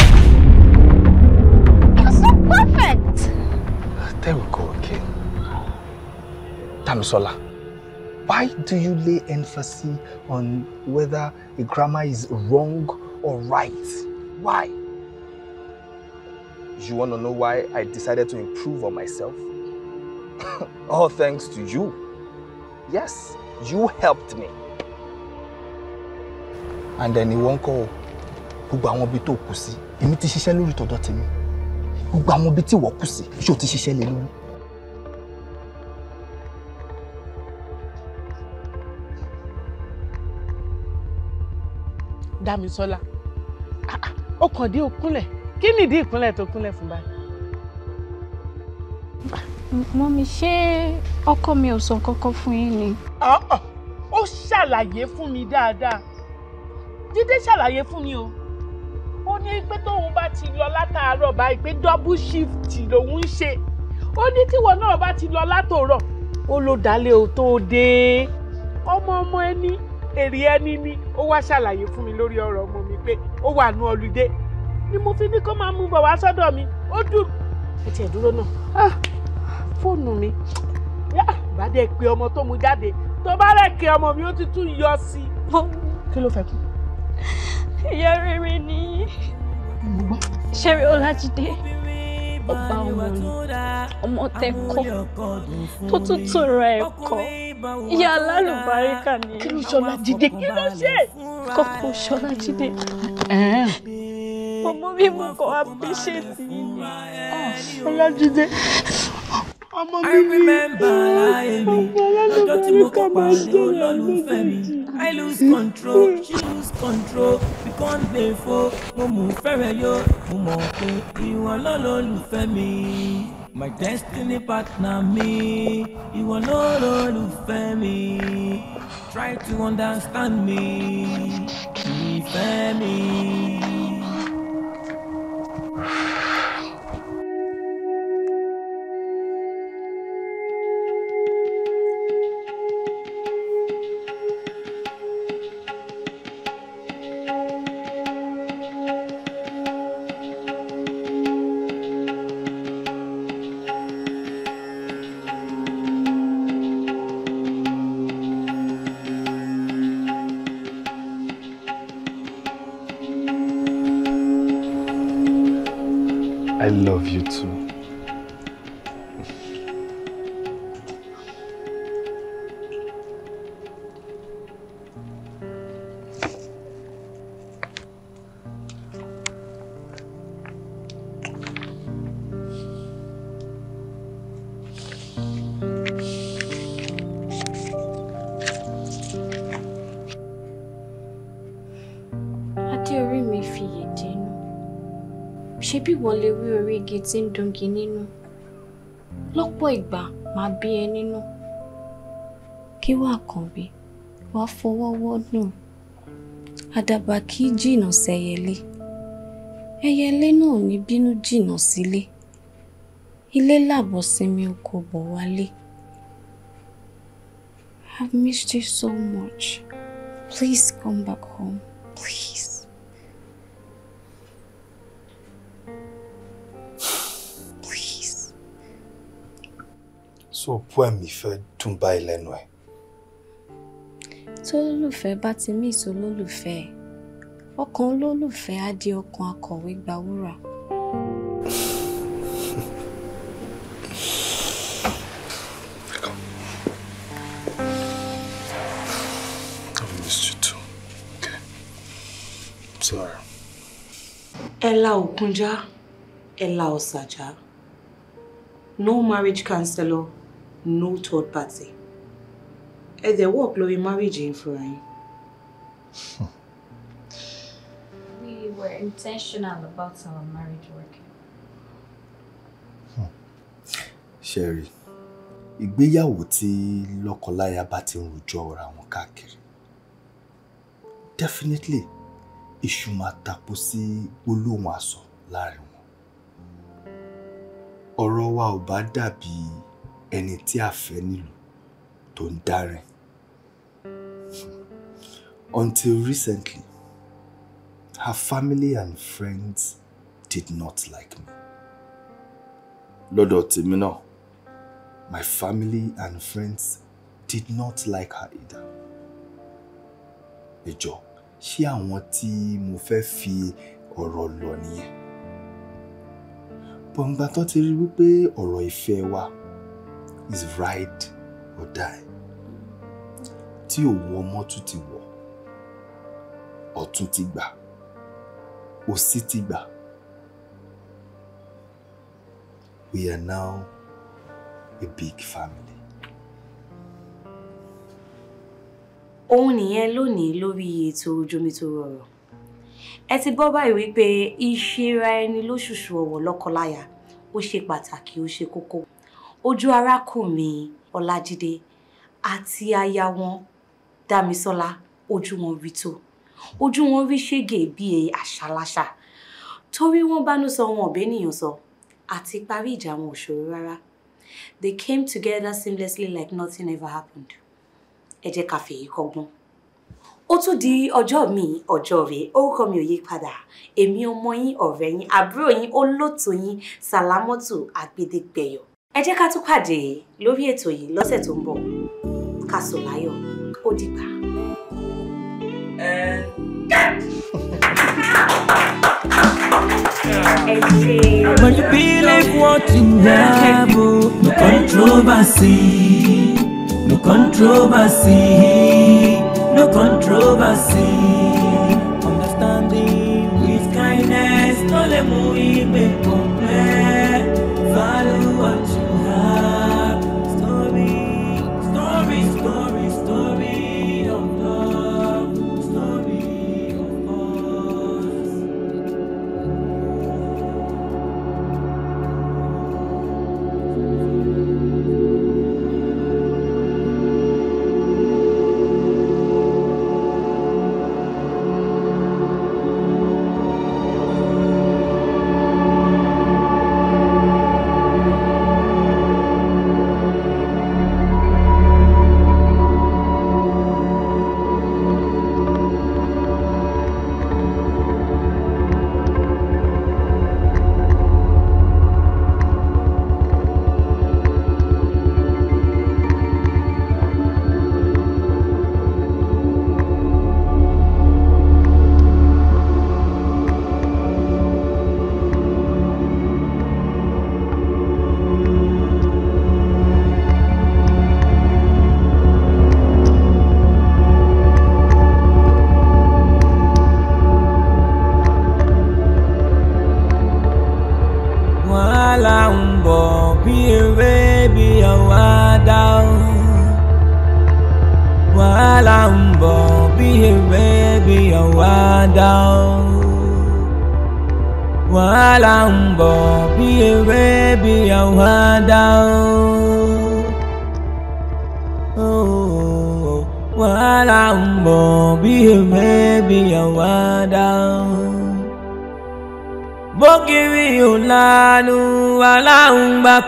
You're so perfect. There we go again.
Tamisola, why do you lay emphasis on whether a grammar is wrong or right? Why? You want to know why I decided to improve on myself? <laughs> All thanks to you. Yes, you helped me. and then ìwọ ń kọ́ ọ gbogbo àwọn ibi tó kù sí èmi ti ṣiṣẹ́ lórí tọ̀dọ̀ tèmi gbogbo àwọn ibi tí ìwọ kù sí ṣé o ti ṣiṣẹ́ lé lórí.
Dámisọ́lá ah, ó kàn dé òkúnlẹ̀ kí nìdí ìkúnlẹ̀ tó kúnlẹ̀ fún báyìí. mọ́mí ṣé ọkọ
mi ò sọ nǹkan fún yín ni. Ah, ah,
ó ṣàlàyé fún mi dáadáa Jídé ṣàlàyé fún mi o ó ní pé tóun bá ti lọ látàárọ̀ báyìí pé double shift lòun ń ṣe ó ní tíwọ náà bá ti lọ látòrọ̀ ó ló dalẹ̀ ò tó dé ọmọ ọmọ ẹni èrè ẹni ni ó wá ṣàlàyé fún mi lórí ọ̀rọ̀ ọmọ mi pé ó wà ní ọlùdé ni mo fi ní kó máa mú bọ̀ wá sọ́dọ̀ mi ó dùn ẹ tiẹ̀ dúró náà ah, fóònù mi ìbá dẹ̀ pé ọmọ tó mu jáde tó bá rẹ̀ kí ọmọ mi ó ti tún yọ sí i kí
ló fẹ́ kú ìyá rere ni ṣẹ́rí ọlájídé ọba ọmọlú ọmọ tẹkọ tó tún tòrọ ẹkọ ìyá alálùbáríkà ni kí ló ṣọlájídé kí ló ṣe
kọkọ ah, ṣọlájídé ọmọ mi mú kọ apíṣẹ́tì yìí ni
ọlájídé ọmọ mi ní ọmọ alálùbáríkà máa ń jẹ́ ìyá méjèèjì may lose control she lose control we can't play for mo yo, fẹ́rẹ̀ yó mo mọ̀ pé ìwọ lọ́lọ́lùfẹ́ mi my destiny partner mi ìwọ lọ́lọ́lùfẹ́ mi try to understand me ìfẹ́ mi.
you
too.
tí ń dungi nínú lọ́pọ̀ ìgbà máa bí ẹ nínú kí wàá kàn bí wàá fọwọ́ wọ́dùn àdàbà kì jìnnà sẹ́yẹlé ẹyẹlé náà ní bínú jìnnà sílé ilé làbọ̀ sinmi oko bọ̀ wálé. I've missed you so much. Please come back home.
sóòpù ẹ̀mí fẹ́ dùn báyìí lẹ́nu ẹ̀.
tólólùfẹ́ bá ti mí ìsolólùfẹ́ ẹ̀ ọkàn olólùfẹ́ á di ọkàn akọ̀wé gba wúrà.
Ẹ la Ela já, ẹ la ọ̀sà já. No marriage counselor no third party Is dẹ̀ work lórí marriage yín fúnra yín.
we were intentional about our marriage work.
Sherry hmm. ìgbéyàwó tí lokolaya bá ti ń rojọ́ ra wọn definitely iṣu máa tapo sí gbólóhùn asọ̀ láàrin wọn ọ̀rọ̀ wa ò bá dàbí ẹni tí a fẹ́ nílùú tó ń dárìn until recently her family and friends did not like me. lọ́dọ̀ tèmi náà my family and friends did not like her either. ẹ jọ̀ọ́ ṣé àwọn tí mo fẹ́ fi ọ̀rọ̀ lọ nìyẹn. bọ̀ǹgbà tó ti rí wípé ọ̀rọ̀ ìfẹ́ wa is ride or die tí òun ọmọ tún ti wọ̀ ọ̀tún ti gbà òsì ti gbà we are now a big family.
ohun nìyẹn lónìí lórí ètò Jomitoro Ọ̀rọ̀ ẹ ti gbọ́ báyìí wípé ìṣera ẹni lóṣùṣù ọ̀wọ̀ lọ́kọláya ó ṣe pàtàkì ó ṣe kókó ojú arákùnrin ọlájídé àti aya wọn dámisọ́lá ojú wọn rí tó ojú wọn rí ṣége bíi àṣàláṣà torí wọn bánú sọ wọn ọbẹ nìyàn sọ àti parí ìjà wọn ò rárá they came together seamlessly like nothing ever happened ẹ jẹ́ ká fèyí kọ́gbọ́n ó tún di ọjọ́ mi ọjọ́ rẹ̀ orúkọ mi ò yí padà èmi ọmọ yín ọ̀rẹ́ yín àbúrò yín olóòtú yín sàlámọ́tò àgbèdégbẹ̀yọ̀ ẹ jẹ́ ká tún pàdé lórí ètò yìí lọ́sẹ̀ tó ń bọ̀ ká sùn láyọ̀ ó dìgbà.
When you believe what you have, no controversy, no controversy, no controversy. Understanding with kindness, no le muy me complejo.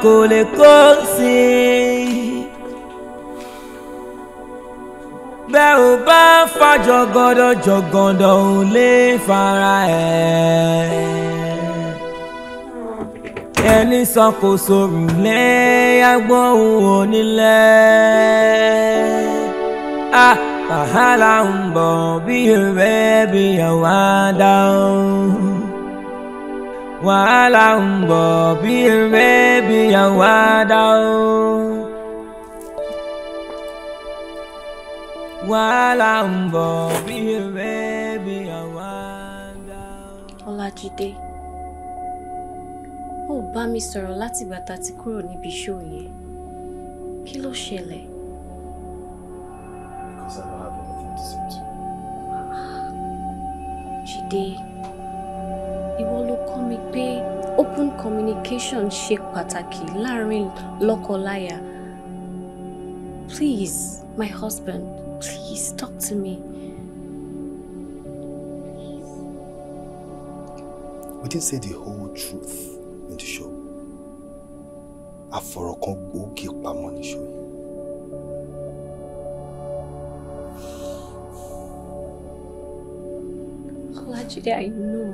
kò lè kó sí i. bẹ́ẹ̀ ò bá fa jọ̀gọ̀dọ̀ jọ̀gọ̀dọ̀ ò lè fara ẹ̀. ẹni sọ kò sórùn lẹ́yà gbọ́hùn onílẹ̀. a ah, wàhálà ń bọ̀ bí ìrẹ́ bí dáhùn wàhálà ń bọ̀ bí eré bí àwàdà o. wàhálà ń bọ̀ bí eré bí àwàdà o. Ọlájídé
ó bá mi sọ̀rọ̀ látìgbà tá a ti kúrò níbi iṣẹ́ òye kí ló ṣẹlẹ̀.
Because I don't have anything to say
to you. Jídé ìwọ ló kọ́ mi pé open communication ṣe pàtàkì láàrin lọ́kọláya please my husband please talk to me.
We didn't say the whole truth in the show. Àfọ̀rọ̀ kan gbòógì pamọ́ ní show yìí.
Olajide, I know.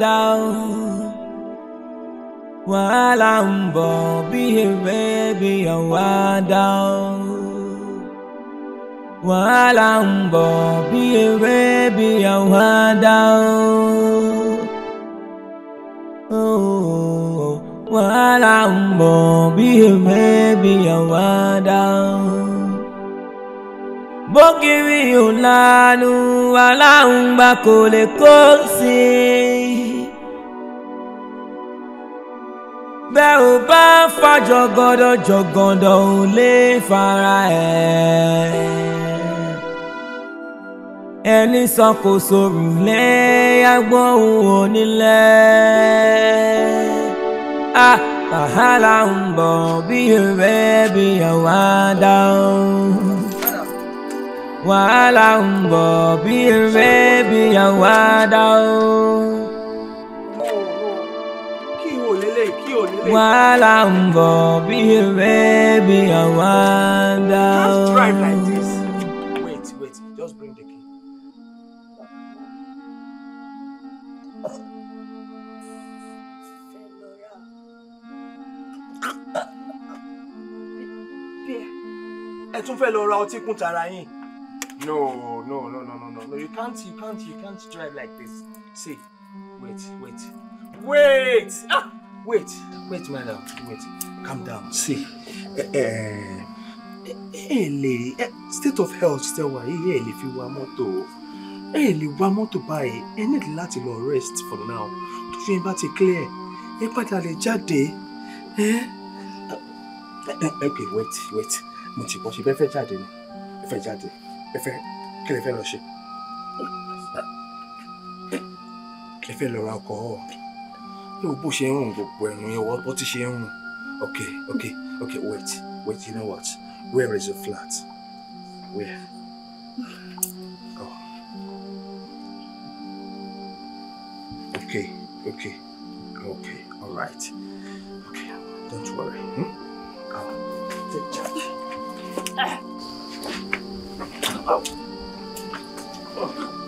dá o wàhálà ń baby bí ewé bí ọ̀wá dá o baby ń bọ̀ bí ewé bí ọ̀wá dá baby wàhálà ń bọ̀ bí ewé bí ọ̀wá dá lanu wàhálà ń gbà kò lè bẹ́ ò bá fa jọ̀gọ̀dọ̀ jọ̀gọ̀dọ̀ ò lè fara ẹ̀. ẹni sọ kò sòrò lẹ́yàgbọ́ òun onílẹ̀. àhálà ń bọ̀ bí rẹ̀ bí ẹ̀wà dáhùn. wàhálà ń bọ̀ bí rẹ̀ bí ẹ̀wà dáhùn. While I'm for be baby, I wonder. Just drive like this.
Wait, wait, just bring the key. Ẹ tún fẹ́ lọ ra ọtí kún tara yín. No, no, no, no, no, no, no. You can't, you can't, you can't drive like this. See, wait, wait, wait. Ah! Wait, wait, madam, wait. Calm down. See,
eh, eh. eh, eh lè eh, state of health ṣe why yìí ẹ lè fi wa to, eh, lè wa mọ́tò to buy, any láti or rest for now To fi bá ti clear ẹ padà lè jáde ẹ. okay wait wait mo ti bọ́ ṣe bẹ́ẹ̀ fẹ́ jáde ni ẹ fẹ́ jáde ẹ fẹ́ kí lẹ fẹ́ lọ ṣe kí alcohol. You push him, ń rùn gbogbo ẹ̀rùn yẹn wọ́n bó ti okay okay okay wait wait you know what where is the flat
where. Oh. Okay,
okay, okay, all right. Okay, don't worry. Hmm? Oh. will
take charge. Ah. Oh. Oh.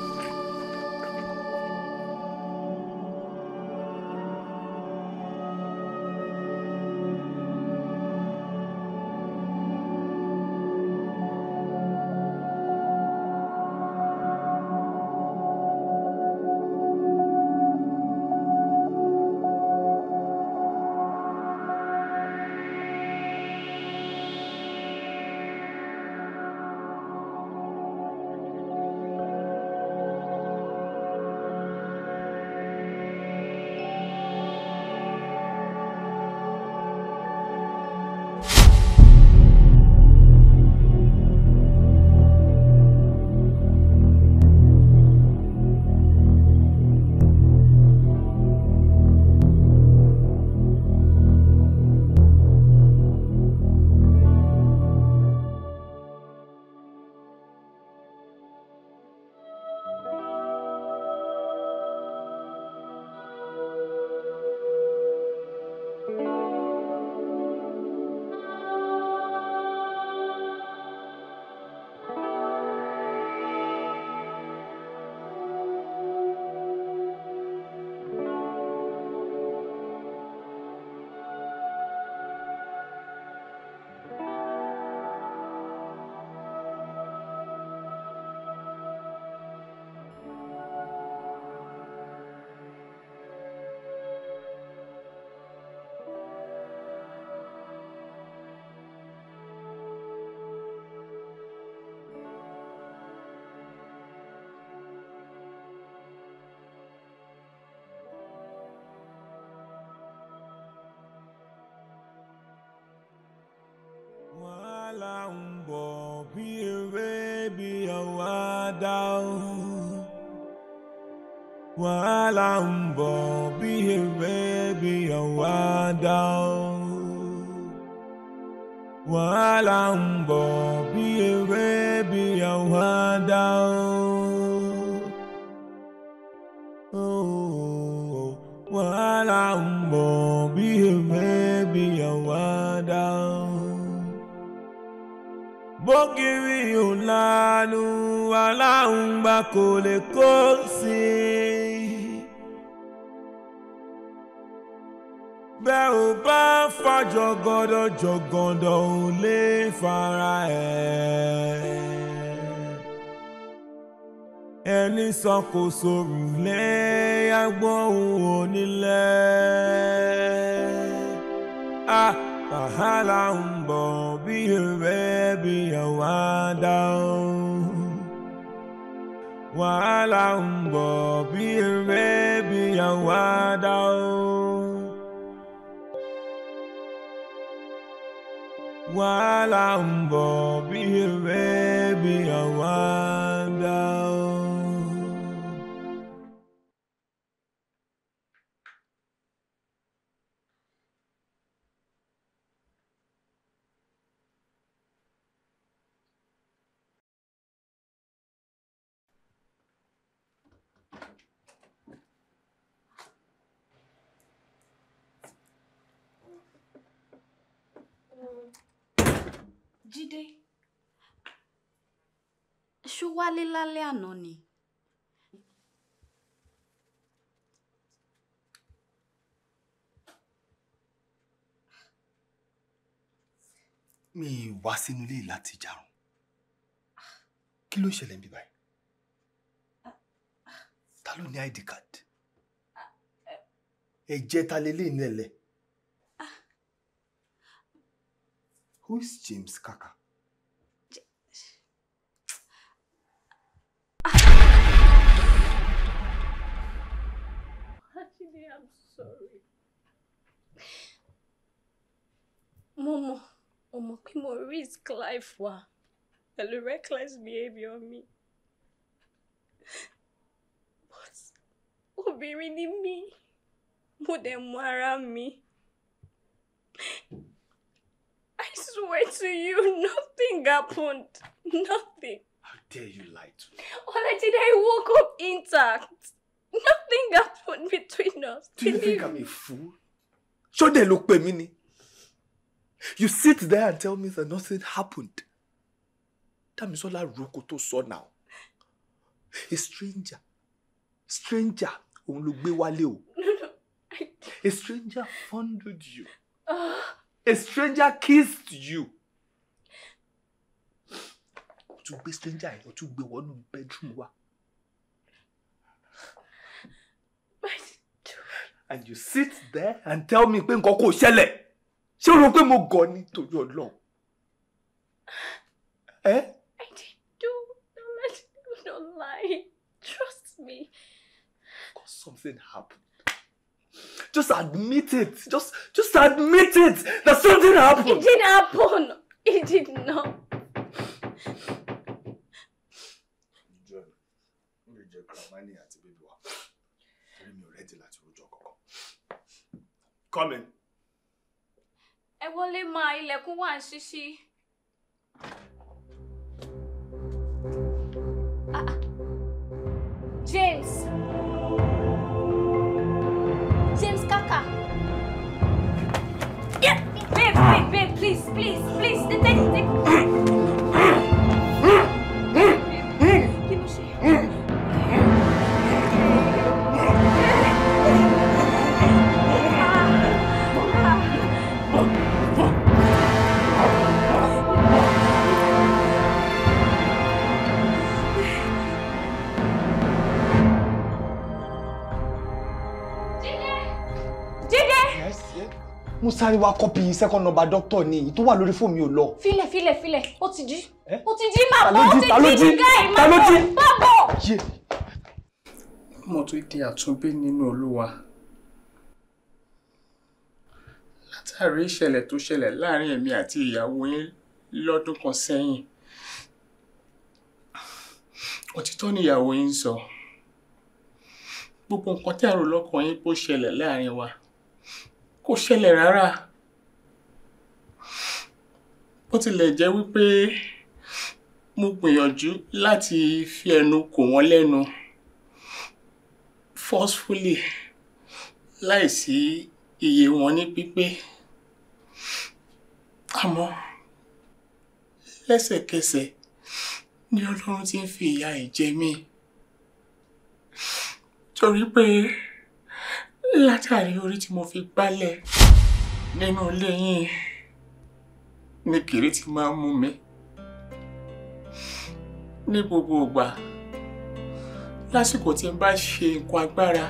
ń bọ̀ bí ewé oh, oh, oh, bí àwọn àdá wàhálà ń bọ̀ bí ewé bí àwọn àdá bógiri ò lanu aláǹgbà kò lè kó sí i. bẹ́ ò bá fa jọ̀gọ̀dọ̀ jọ̀gọ̀dọ̀ ò lè fara ẹ̀. ẹni sọ kò sòrò lẹ́yàgbọ́ òun onílẹ̀. àhálà ah, ń bọ̀ bí ẹ̀rẹ́ bí ẹ̀wà dáhùn. wàhálà ń bọ̀ bí ẹ̀rẹ́ bí ẹ̀wà dáhùn. while I'm bobbing, baby, I wonder.
Ṣó wálé lálẹ́ àná ni?
Mi wá sínú ilé láti jarun. Kí ló ṣẹlẹ̀ níbí báyìí? Ta ló ní ID card? Ẹ̀jẹ̀ ta lélẹ̀ nílẹ̀? Who is James Kaka?
Daddy, I'm sorry. Momo. mọ̀, mo mọ̀ pé mo risk life wa pẹ̀lú reckless behaviour me. But obìnrin ni me? mo dẹ̀ mọ ara mi. I swear to you, nothing happened. Nothing. How dare you lie to me? Olajide, I woke up intact nothing happened between us.
do you think i'm a fool? ṣọ́dẹ̀ ló pè mí you sit there and tell me that nothing happened. That Damisola roko tó sọ now. a stranger stranger òun ló gbé wálé o. a stranger fondled you. Ah. a stranger kissed you. o be stranger yẹn o tún gbé wọnú bedroom wa. and you sit there and tell me pé nǹkan kò ṣẹlẹ̀ ṣé o rò pé mo gọ̀ ni torí ọlọ́run. ẹ. Eh? I did
do no let you don't lie trust me.
because something happened. Just admit it. Just, just admit it that something happened. It didn't happen.
It did not.
Enjoy. Enjoy. Come in.
Ẹ wọlé máa ilẹ̀kùn wà ṣíṣí. Ah, ah. James. James Kaka. Yeah. Babe, babe, babe, please, please,
please, take take
Táríwá kọ́pì second number doctor ni èyí tó wà lórí
fóònù mi ò lọ.
Filẹ̀ filẹ̀ filẹ̀ ó ti jí. Ó ti jí máa bọ̀ ó ti jí jígá ẹ̀ máa bọ̀ máa
bọ̀. Mo tún di àtúnbí nínú Olúwa. Látàrí ìṣẹ̀lẹ̀ tó ṣẹlẹ̀ láàrin èmi àti ìyàwó yín lọ́dún kan sẹ́yìn. Òtítọ́ ni ìyàwó yín sọ. Gbogbo nǹkan tí àrò lọ́kàn yín bó ṣẹlẹ̀ láàrin wa kò ṣẹlẹ̀ rárá bó tilẹ̀ jẹ́ wípé mo gbìyànjú láti fi ẹnu kò wọ́n lẹ́nu forcefully láìsí iye wọn ní pípé àmọ́ lẹ́sẹ̀kẹsẹ̀ ni ọlọ́run ti ń fi ìyà ìjẹ mí torí pé látàrí orí tí mo fi gbálẹ̀ nínú ilé yín ni kiri ti máa ń mú mi ní gbogbo ìgbà lásìkò tí n bá ṣe nǹkan agbára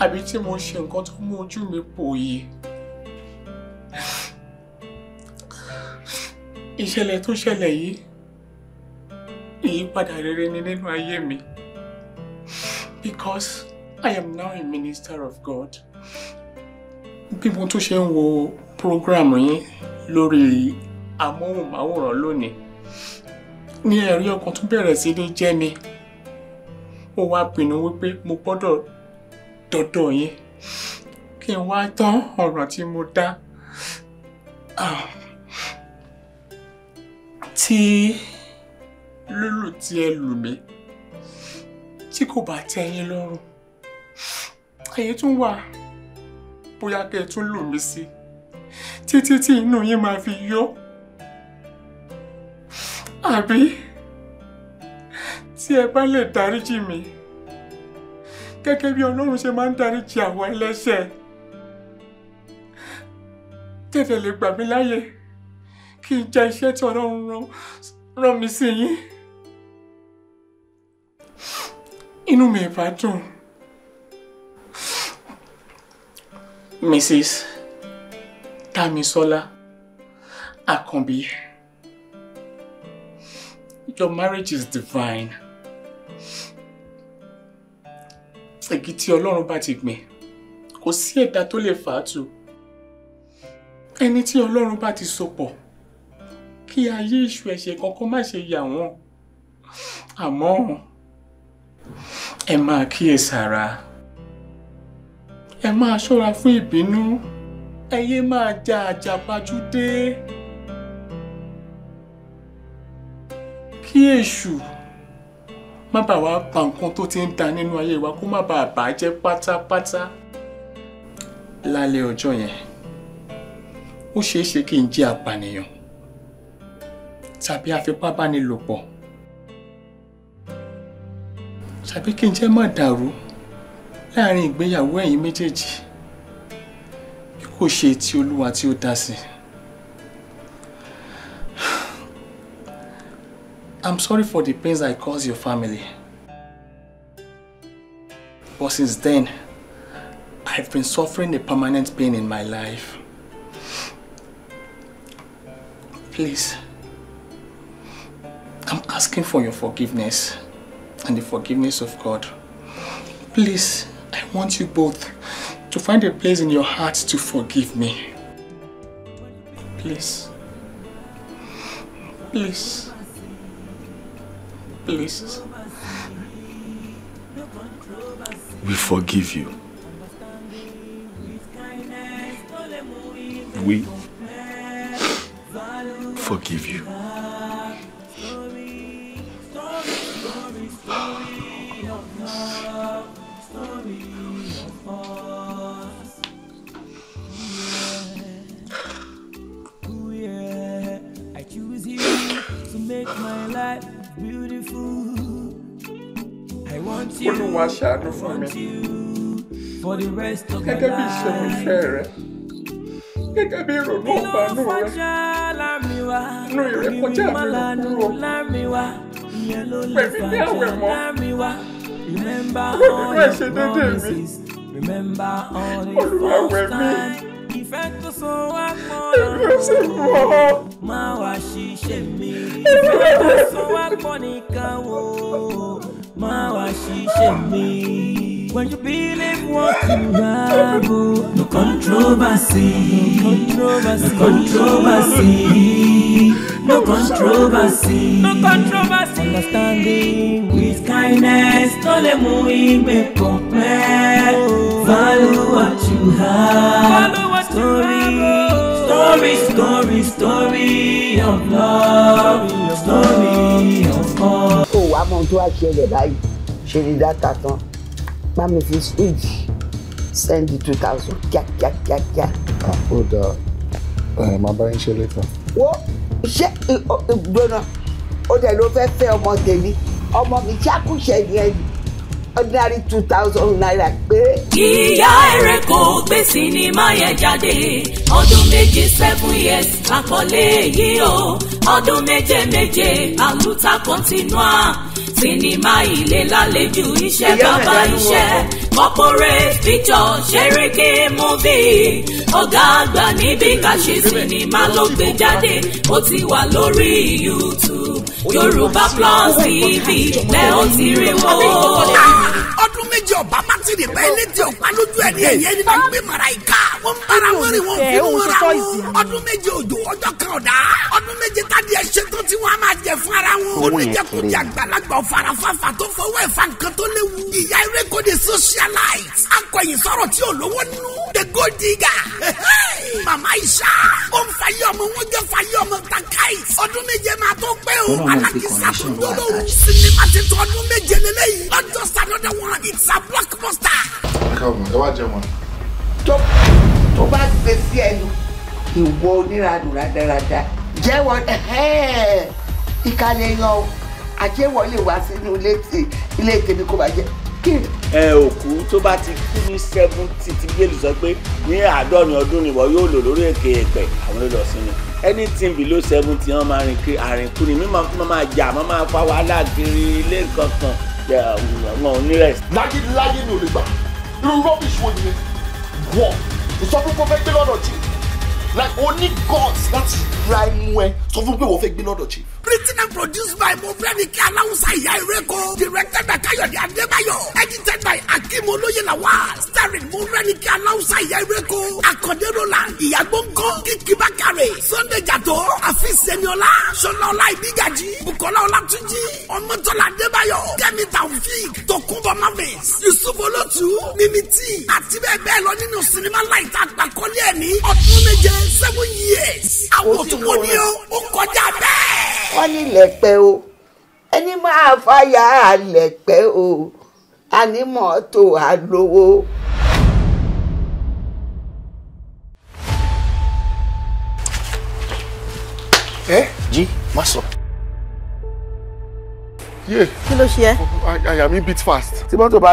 àbí tí mo ṣe nǹkan tó mú ojú mi pòòyì ìṣẹ̀lẹ̀ tó ṣẹlẹ̀ yìí ìyípadà rere ni nínú ayé mi because I am now a minister of God. Bí mo tún ṣe ń wo program yín lórí amóhùnmáwòrán lónìí, ní ẹ̀rí ọkàn tún bẹ̀rẹ̀ sí ní jẹ́ mi. Mo wá pinnu wípé mo gbọ́dọ̀ dọ́dọ̀ yín kí n wá tán ọ̀rọ̀ tí mo dá. Ah, tí lúlù tí ẹ lù mí tí kò bá tẹ́ yín lọ́rùn èyí tún wà bóyá kẹ́ ẹ tún lò mí sí títí tí inú yín máa fi yọ àbí tí ẹ bá lè dáríjì mi gẹ́gẹ́ bí ọlọ́run ṣe máa ń dáríjì àwọn ẹlẹ́ṣẹ̀ tẹ̀tẹ̀ lè gbà mí láyè kí n jẹ iṣẹ́ tí ọlọ́run rán mi sí yín inú mi ì dùn. Mrs. Tamisola Akanbi, your marriage is divine. Èyí tí Ọlọ́run bá ti gbìn, kò sí ẹ̀dá tó lè fàátù. and tí Ọlọ́run bá ti sopọ̀, kí ayé ìṣù ẹ̀ṣẹ̀ kankan má ṣe yà wọ́n. Àmọ́ ẹ Emma, kíyèsára. E ẹ máa ṣọ́ra fún ìbínú ẹ yé máa ja àjàpájúdé kí èṣù má bàa wá ba nǹkan tó ti ń da nínú ayé wa kó má bàa bàjẹ́ pátápátá lálẹ́ ọjọ́ yẹn ó ṣeé ṣe kí n jẹ́ apànìyàn tàbí afipábánilòpọ̀ tàbí kí n jẹ́ má dàrú. láàrin ìgbéyàwó ẹ̀yin méjèèjì bí kò ṣe ti olúwa tí ó dá sí I'm sorry for the pains I caused your family but since then I've been suffering a permanent pain in my life please I'm asking for your forgiveness and the forgiveness of God please I want you both to find a place in your hearts to forgive me. Please. Please. Please.
We forgive you. We forgive you.
àánú fún mi gẹ́gẹ́ bí ìṣẹ̀lẹ̀ ìfẹ́ rẹ gẹ́gẹ́ bí ìrònú ọ̀bánú rẹ inú ìrékọjá mi ò kúrò pẹ̀lú ní àwẹ̀ mọ́ lórí inú ẹ̀ṣẹ̀ dédé mi olùwàwẹ̀ mi èmi ò sì mọ̀ ọ́ èmi ò sì mọ̀ ọ́. wife, she ṣiṣẹ́ me. When you believe what you have, oh, no controversy, no controversy, no controversy, no controversy, no controversy. Understanding with kindness, no le mu compare. Oh. Value what you have. story, oh. story, story, story of love, story of love. wàá mọ ohun
tó wá ṣẹlẹ̀ báyìí ṣe lè dáta tán bá mi fi switch send two thousand kíákíákíá.
ó dáa ẹ máa bá yín ṣe lẹ́tọ̀.
wo ṣé gbóná ó dẹ̀ ló fẹ́ fẹ́ ọmọ tèmi ọmọ
mi ṣàkúṣe yẹn ni ordinary two thousand naira péré.
ìyá ẹ̀rẹ̀ kò gbé sinimá yẹn jáde ọdún méje seven years àkọlé yìí o ọdún méje méje àlùtà continua sinimá ilé lálejò iṣẹ́ bàbá iṣẹ́ corporate picture ṣeréke movie ọ̀gá àgbà níbi ká ṣe sinimá ló gbé jáde ó ti wà lórí YouTube. Yorùbá Plus TV
lẹ́ ó ti rí
wọn.
ọdún méjì ọba má ti rí bẹ́ẹ̀ létí ọ̀pá lójú ẹ̀ ní ẹ̀yẹ́ ní gbé mara ìka. wọ́n ń bára wọn rí wọn fún wọn ra wọn. ọdún méje òjò ọjọ́ kan ọ̀dà. ọdún méje tádì ẹ̀ ṣetán tí wọ́n á máa jẹ fún ara wọn. oníjẹkùjẹ àgbàlagbà farafafa tó fọwọ́ ẹ̀fà nǹkan tó léwu. ìyá eré kò ní socialite. akọ̀yìn sọ̀rọ̀ tí ò lówó nú. the gold digger. mama isa. ó ń fa yọmọ wọn jẹ́ fa yọmọ takai. ọdún méje máa tó pẹ́ o. alákìsà tó dọ́lọ́rù. sinimá ti tọ́ ọdún méje lélẹ́yìn. ọjọ́ sanadọ́wọ́n it sa blockbuster.
káwọn ẹ wá jẹun
ọ̀nà. tó
tó bá gbé sí ẹnu
ìwọ oníranù rádaràda jẹ́wọ́ ìkàlẹ̀ yan àjẹwọ́ lè wá sínú ilé tèmi kó bá jẹ́
ẹ òkú tó bá ti kú ní seventy tí bíbélì sọ pé ní àádọ́rin ọdún nìwọ yóò lò lórí èké ẹ̀pẹ̀ àwọn ló lọ sínú
anything below seventy wọn máa rìn kiri àrìnkú ni mímọ fún máa jà máa máa fa wàhálà kiri ilé kankan wọn ò ní rẹ̀. láyéláyé ni ò lè gbà
irú rubbish wo nìyẹn wọ ìsọfúnpọ̀ fẹ́ gbé lọ́dọ̀ chief like oní gods láti ra ẹnu ẹ sọ fún pé wọ́n fẹ́ gbé lọ́dọ̀ chief written and produced by mofrenike alawusa ìyá ìrẹ́kọ directed by kayode adébáyọ̀ edited by akim olóyèlàwà starring mofrenike alawusa ìyá ìrẹ́kọ akande roland ìyàgbọ́nkọ́ kìkì sunday Jato, àfi sẹ́niọ́lá sọlọ́lá ìdíjàjì bukola ọlátúnjì ọmọtọ́lá adébáyọ̀ Kemi taofik Tokunbo mavis yusuf olótú mímítì àti bẹ́ẹ̀ bẹ́ẹ̀ lọ nínú sinimá láì tá ẹ̀ ní ọdún méje seven years àwọn òtún wò ni ó kọjá bẹ́ẹ̀ wọ́n ní lẹ̀pẹ̀ o ẹni máa fàyà lẹ̀pẹ̀ o ànímọ́tò àlówó.
ẹ jí má sọ. yé kí ló ṣe ẹ. àyà mi beat fast. tí mọ́tò bá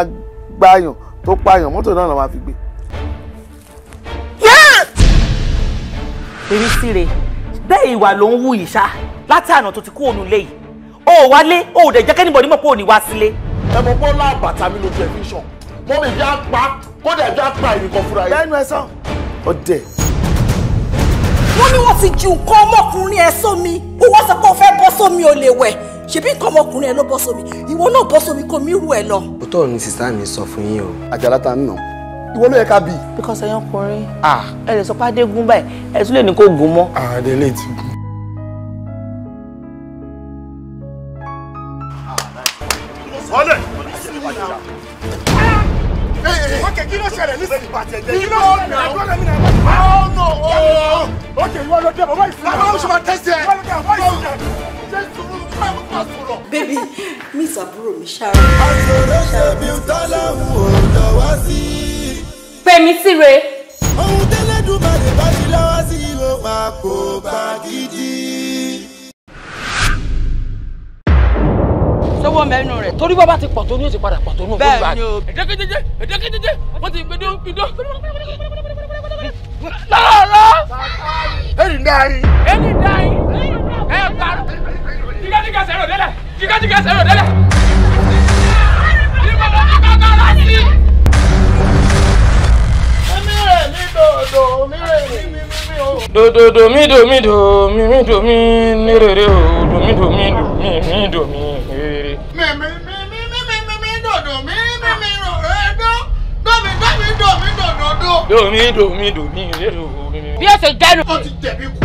gbààyàn tó pààyàn mọ́tò náà ló máa fi gbé. yẹ́ẹ̀. èmi sì rèé bẹ́ẹ̀ ìwà ló ń wù yìí ṣá láti àná tó ti kú òun lé yìí o ò wálé o ò dẹ̀ jẹ́ kẹ́nìbọ̀dì mọ̀ pé ò ní wá sílé. ẹ mọ bó lá bàtà mi ló jẹ fíṣàn mọ mi já pa kódà já pa ìrìnkan fúnra yìí. bẹ́ẹ̀ni ẹ sàn. ọdẹ. wọ́n ní wọ́n ti ju nǹkan ọmọkùnrin ẹ sómi ó wọ́n sọ pé ó fẹ́ bọ́ sómi ò lè wẹ̀ ṣebí nǹkan ọmọkùnrin ẹ ló bọ́ sómi ìwọ náà bọ́ sómi kò mí rú ẹ lọ.
òótọ́ ni sísá mi sọ fún yín o. àjàlá ta ń nà ìwọ ló yẹ ká bì.
because ẹ̀yin ọkùnrin ẹ lè sọ pé adégún báyìí
ẹ tún lè ní kó gùn mọ́. àdélé ti
gùn. wọlé. Okay, kí ló ṣẹlẹ̀ ní sèlè bàtẹ̀ Kí ló ṣẹlẹ̀? Àgbọ̀dọ̀ mi nà wá. Oh, ó nọ ooo. Oh, okay, ìwọ ló dé bàbá ìfúnná. Bàbá oṣù máa tẹ́sí ẹ. Ìwọ oh. Baby, mi sàbúrò mi ṣáà. Àṣọ̀rọ̀ ṣe bí Tọ́lá ń wò lọ wá
sí. Fẹ́mi síre. ohun tẹ́lẹ̀dùmarè bá ti
lọ́wọ́ sí ló máa kó bá gidi. sọ́wọ́ mẹ́nu rẹ̀. torí bọ́ bá ti pọ̀ tó ní o ti padà pọ̀ tó ní o. bẹ́ẹ̀ ni o. ẹ̀dẹ́kẹ́jẹjẹ ẹ̀dẹ́kẹ́jẹjẹ wọ́n ti gbẹdọ́ gbẹdọ́. lọ́lọ́. ẹnì dáì. ẹnì dáì. ẹ pa jígájígá sẹ́rọ̀ délẹ̀ jígájígá sẹ́rọ̀ délẹ̀.
ìbọn lọ́kọ̀ kọ̀ọ̀kan láti. dòdò mi rè mí mí mí o.
dòdòdò mi dò mi dò
mi mi dò mi ní rèrè o dò mi dò mi dò mi mi dò mi rèrè.
mi mi mi mi mi mi mi mi dòdò mi mi mi rò rè dó dómi dómi dòmi dòdòdò.
dòmi dòmi dòmi rèrè o mi mi.
bí o ṣe jáde. o ti jẹ̀bi kù.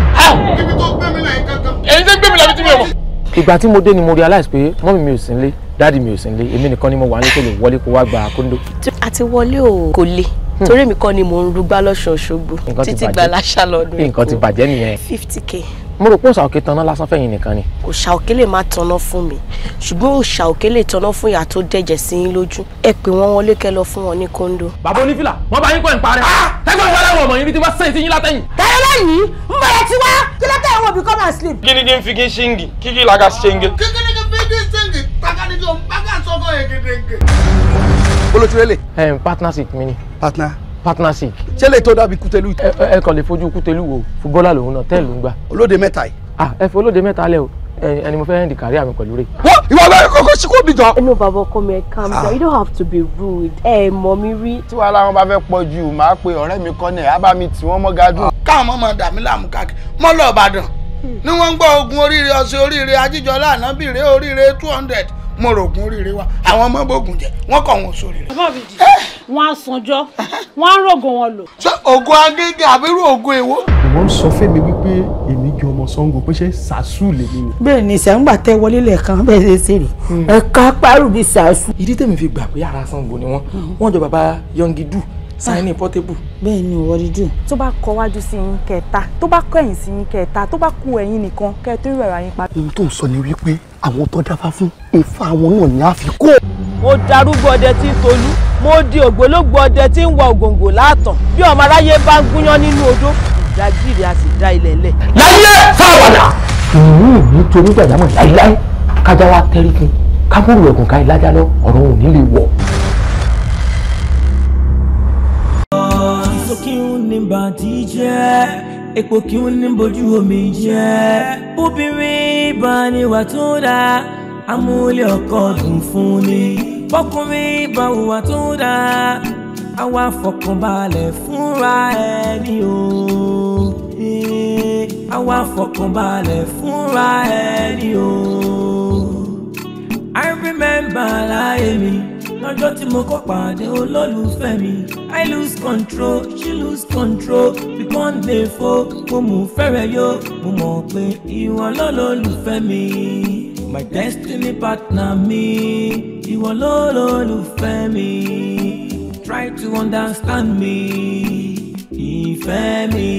ibi tó gbé mi lẹ́yìn kankan. èyí tó gbé mi lẹ́yìn tí mi ò mọ̀. ìgbà tí mo dé ni mo realize pé mọ́mí mi ò sí nílé dáàdi mi ò sí nílé èmi nìkan ni mo wà nílé wọlé kó wá gba kóńdó. àti wọlé o kò le Hmm. torí
mi kọ́ ni mò ń rúgbá lọ́sùn Òṣogbo títí gba láṣà lọ́dún èkó nǹkan ti bàjẹ́ nìyẹn fifty k.
mo rò pé òòṣà òkè tanná lásán fẹ̀yìn nìkan ni.
òòṣà lè má tanná fún mi ṣùgbọ́n òòṣà òkè lè tanná fún ìyá tó dẹ̀jẹ̀ sí yín lójú ẹ pè wọ́n wọlé kẹ́ lọ fún wọn ní kóńdó. bàbá onífìlà wọn bá yín
kọ́ ẹ̀ ń parẹ́. tẹ́gbọ́n wọlé wọ̀ mọ̀ yín tí wọ́n sẹ́yìn sí yín látẹ̀yìn. tẹ́lẹ̀ lẹ́yìn ń bẹ̀rẹ̀ tiwa kí lọ́tẹ̀ wọn bí come and sleep. kíkiri ń kí ṣíngì fi kí ṣíngì pàkàdé jọ ń pàkà sọ́kọ̀ yẹn kedere. olótìrẹ́lẹ̀. ẹ̀ ń partnership mi ni partner. partnership. ṣé lè tó dàbí kútẹ́lù. ẹ ẹ kàn lè fojú kútẹ́lù wo fúbọ́là lòun náà tẹ́ẹ̀ ń gbà. olóde mẹ́ta yìí. ah ẹ fi olóde mẹ́ta lẹ o ẹni mo fẹ́ ẹ̀ndì kárí àmì pẹ̀lú rẹ̀. wọ́n ìwọ bẹ́ẹ̀ kọ́kọ́ sí kò bìjọ. ẹnu bàbá ọkọ mi ẹ calm ah. down you don't have to be rude ẹ mọ mi rí. tí wàhálà wọn bá fẹ́ pọ̀ jù máa pe ọ̀rẹ́ mi kan náà ábà mi tì wọ́n mọ́ gádùn. Ah. káwọn ọmọ dàmí làmú káàkiri mọ́ lọ Ìbàdàn hmm. ni wọ́n ń gbọ́ ogun oríire ọ̀sẹ̀ oríire ajíjọlá ànábìrè oríire two hundred mo rògùn oríire wa àwọn ọmọ bògùn jẹ wọn kọ wọn sórí rẹ. bàbá mi di eh! wọn á sanjọ <laughs> wọn á rògùn wọn lò. ṣé oògùn agége àbírú oògùn èwo.
ìwọ ń sọ fẹmi wípé èmi jẹ ọmọ Ṣàngó pé ṣé sàásù lè mí ni.
bẹ́ẹ̀
ni sàǹgbà tẹ wọlé lẹ́ẹ̀kan bẹ́ẹ̀ ṣe ṣe rè hmm. ẹ ká
pàrọ̀ bíi sàásù. ìdí tèmi fi gbà pé ara Ṣàngó ni wọn hmm. wọn jọ bàbá yọngidu sáyẹnì ah.
pọ́tébù. bẹ́ẹ̀ ni ìwọ dídùn. tó bá kọ wájú sí yín kẹta tó bá kọ ẹ̀yìn sí yín kẹta tó bá kù ẹ̀yìn nìkan kẹ tó ìwẹ̀rọ ayín
pa. ohun tó ń sọ ni wípé àwọn tó dáfá fún ifá àwọn náà ni a fi kó. mo darúgbó ọdẹ tí ń tolú mo di ògbólógbò ọdẹ tí ń wọ ògòǹgò látàn bí ọmọ aráyé bá ń gúnyán nínú odó ìdágìrì a sì dá ilẹ̀ lẹ̀. láyé fáwọnà. ìlú mi torí gbàdámọ̀ láíláí kájá wa tẹ́ríkì kábùrù ẹ̀gùn ká ìlàjà lọ ọ̀rọ̀ òní lè wọ̀.
sókè ń ní bàtí jẹ́ epo kí n ní bojú omi jẹ́ obìnrin bá ní wà tó dáa amúlé ọkọ dùn fún ni bọ́kùnrin bá wà tó dáa àwa fọkànbalẹ̀ fúnra ẹni o àwa fọkànbalẹ̀ fúnra ẹni o I remember láyé mi. Like lọ́jọ́ tí mo kọ́ pàdé olólùfẹ́ mi i lose control she lose control we con dey fo mo mú fẹ́rẹ̀ yó mo mọ̀ pé ìwọ lọ́lọ́lùfẹ́ mi my destiny partner mi ìwọ lọ́lọ́lùfẹ́ mi try to understand me ìfẹ́ mi.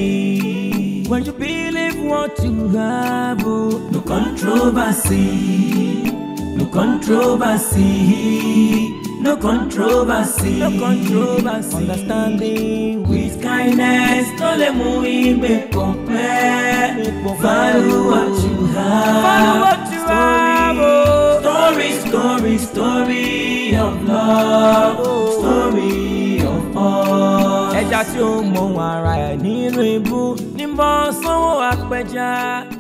when you believe what you have oh, no controversy no controversy no controversy, no controversy. Understanding with kindness, no let me make compare. Value what you have. Value oh. Story, story, story of love, oh. story of us. Ẹja tí ó mọ ara ẹ̀ nínú ibú ní bọ́ sọ́wọ́ apẹja.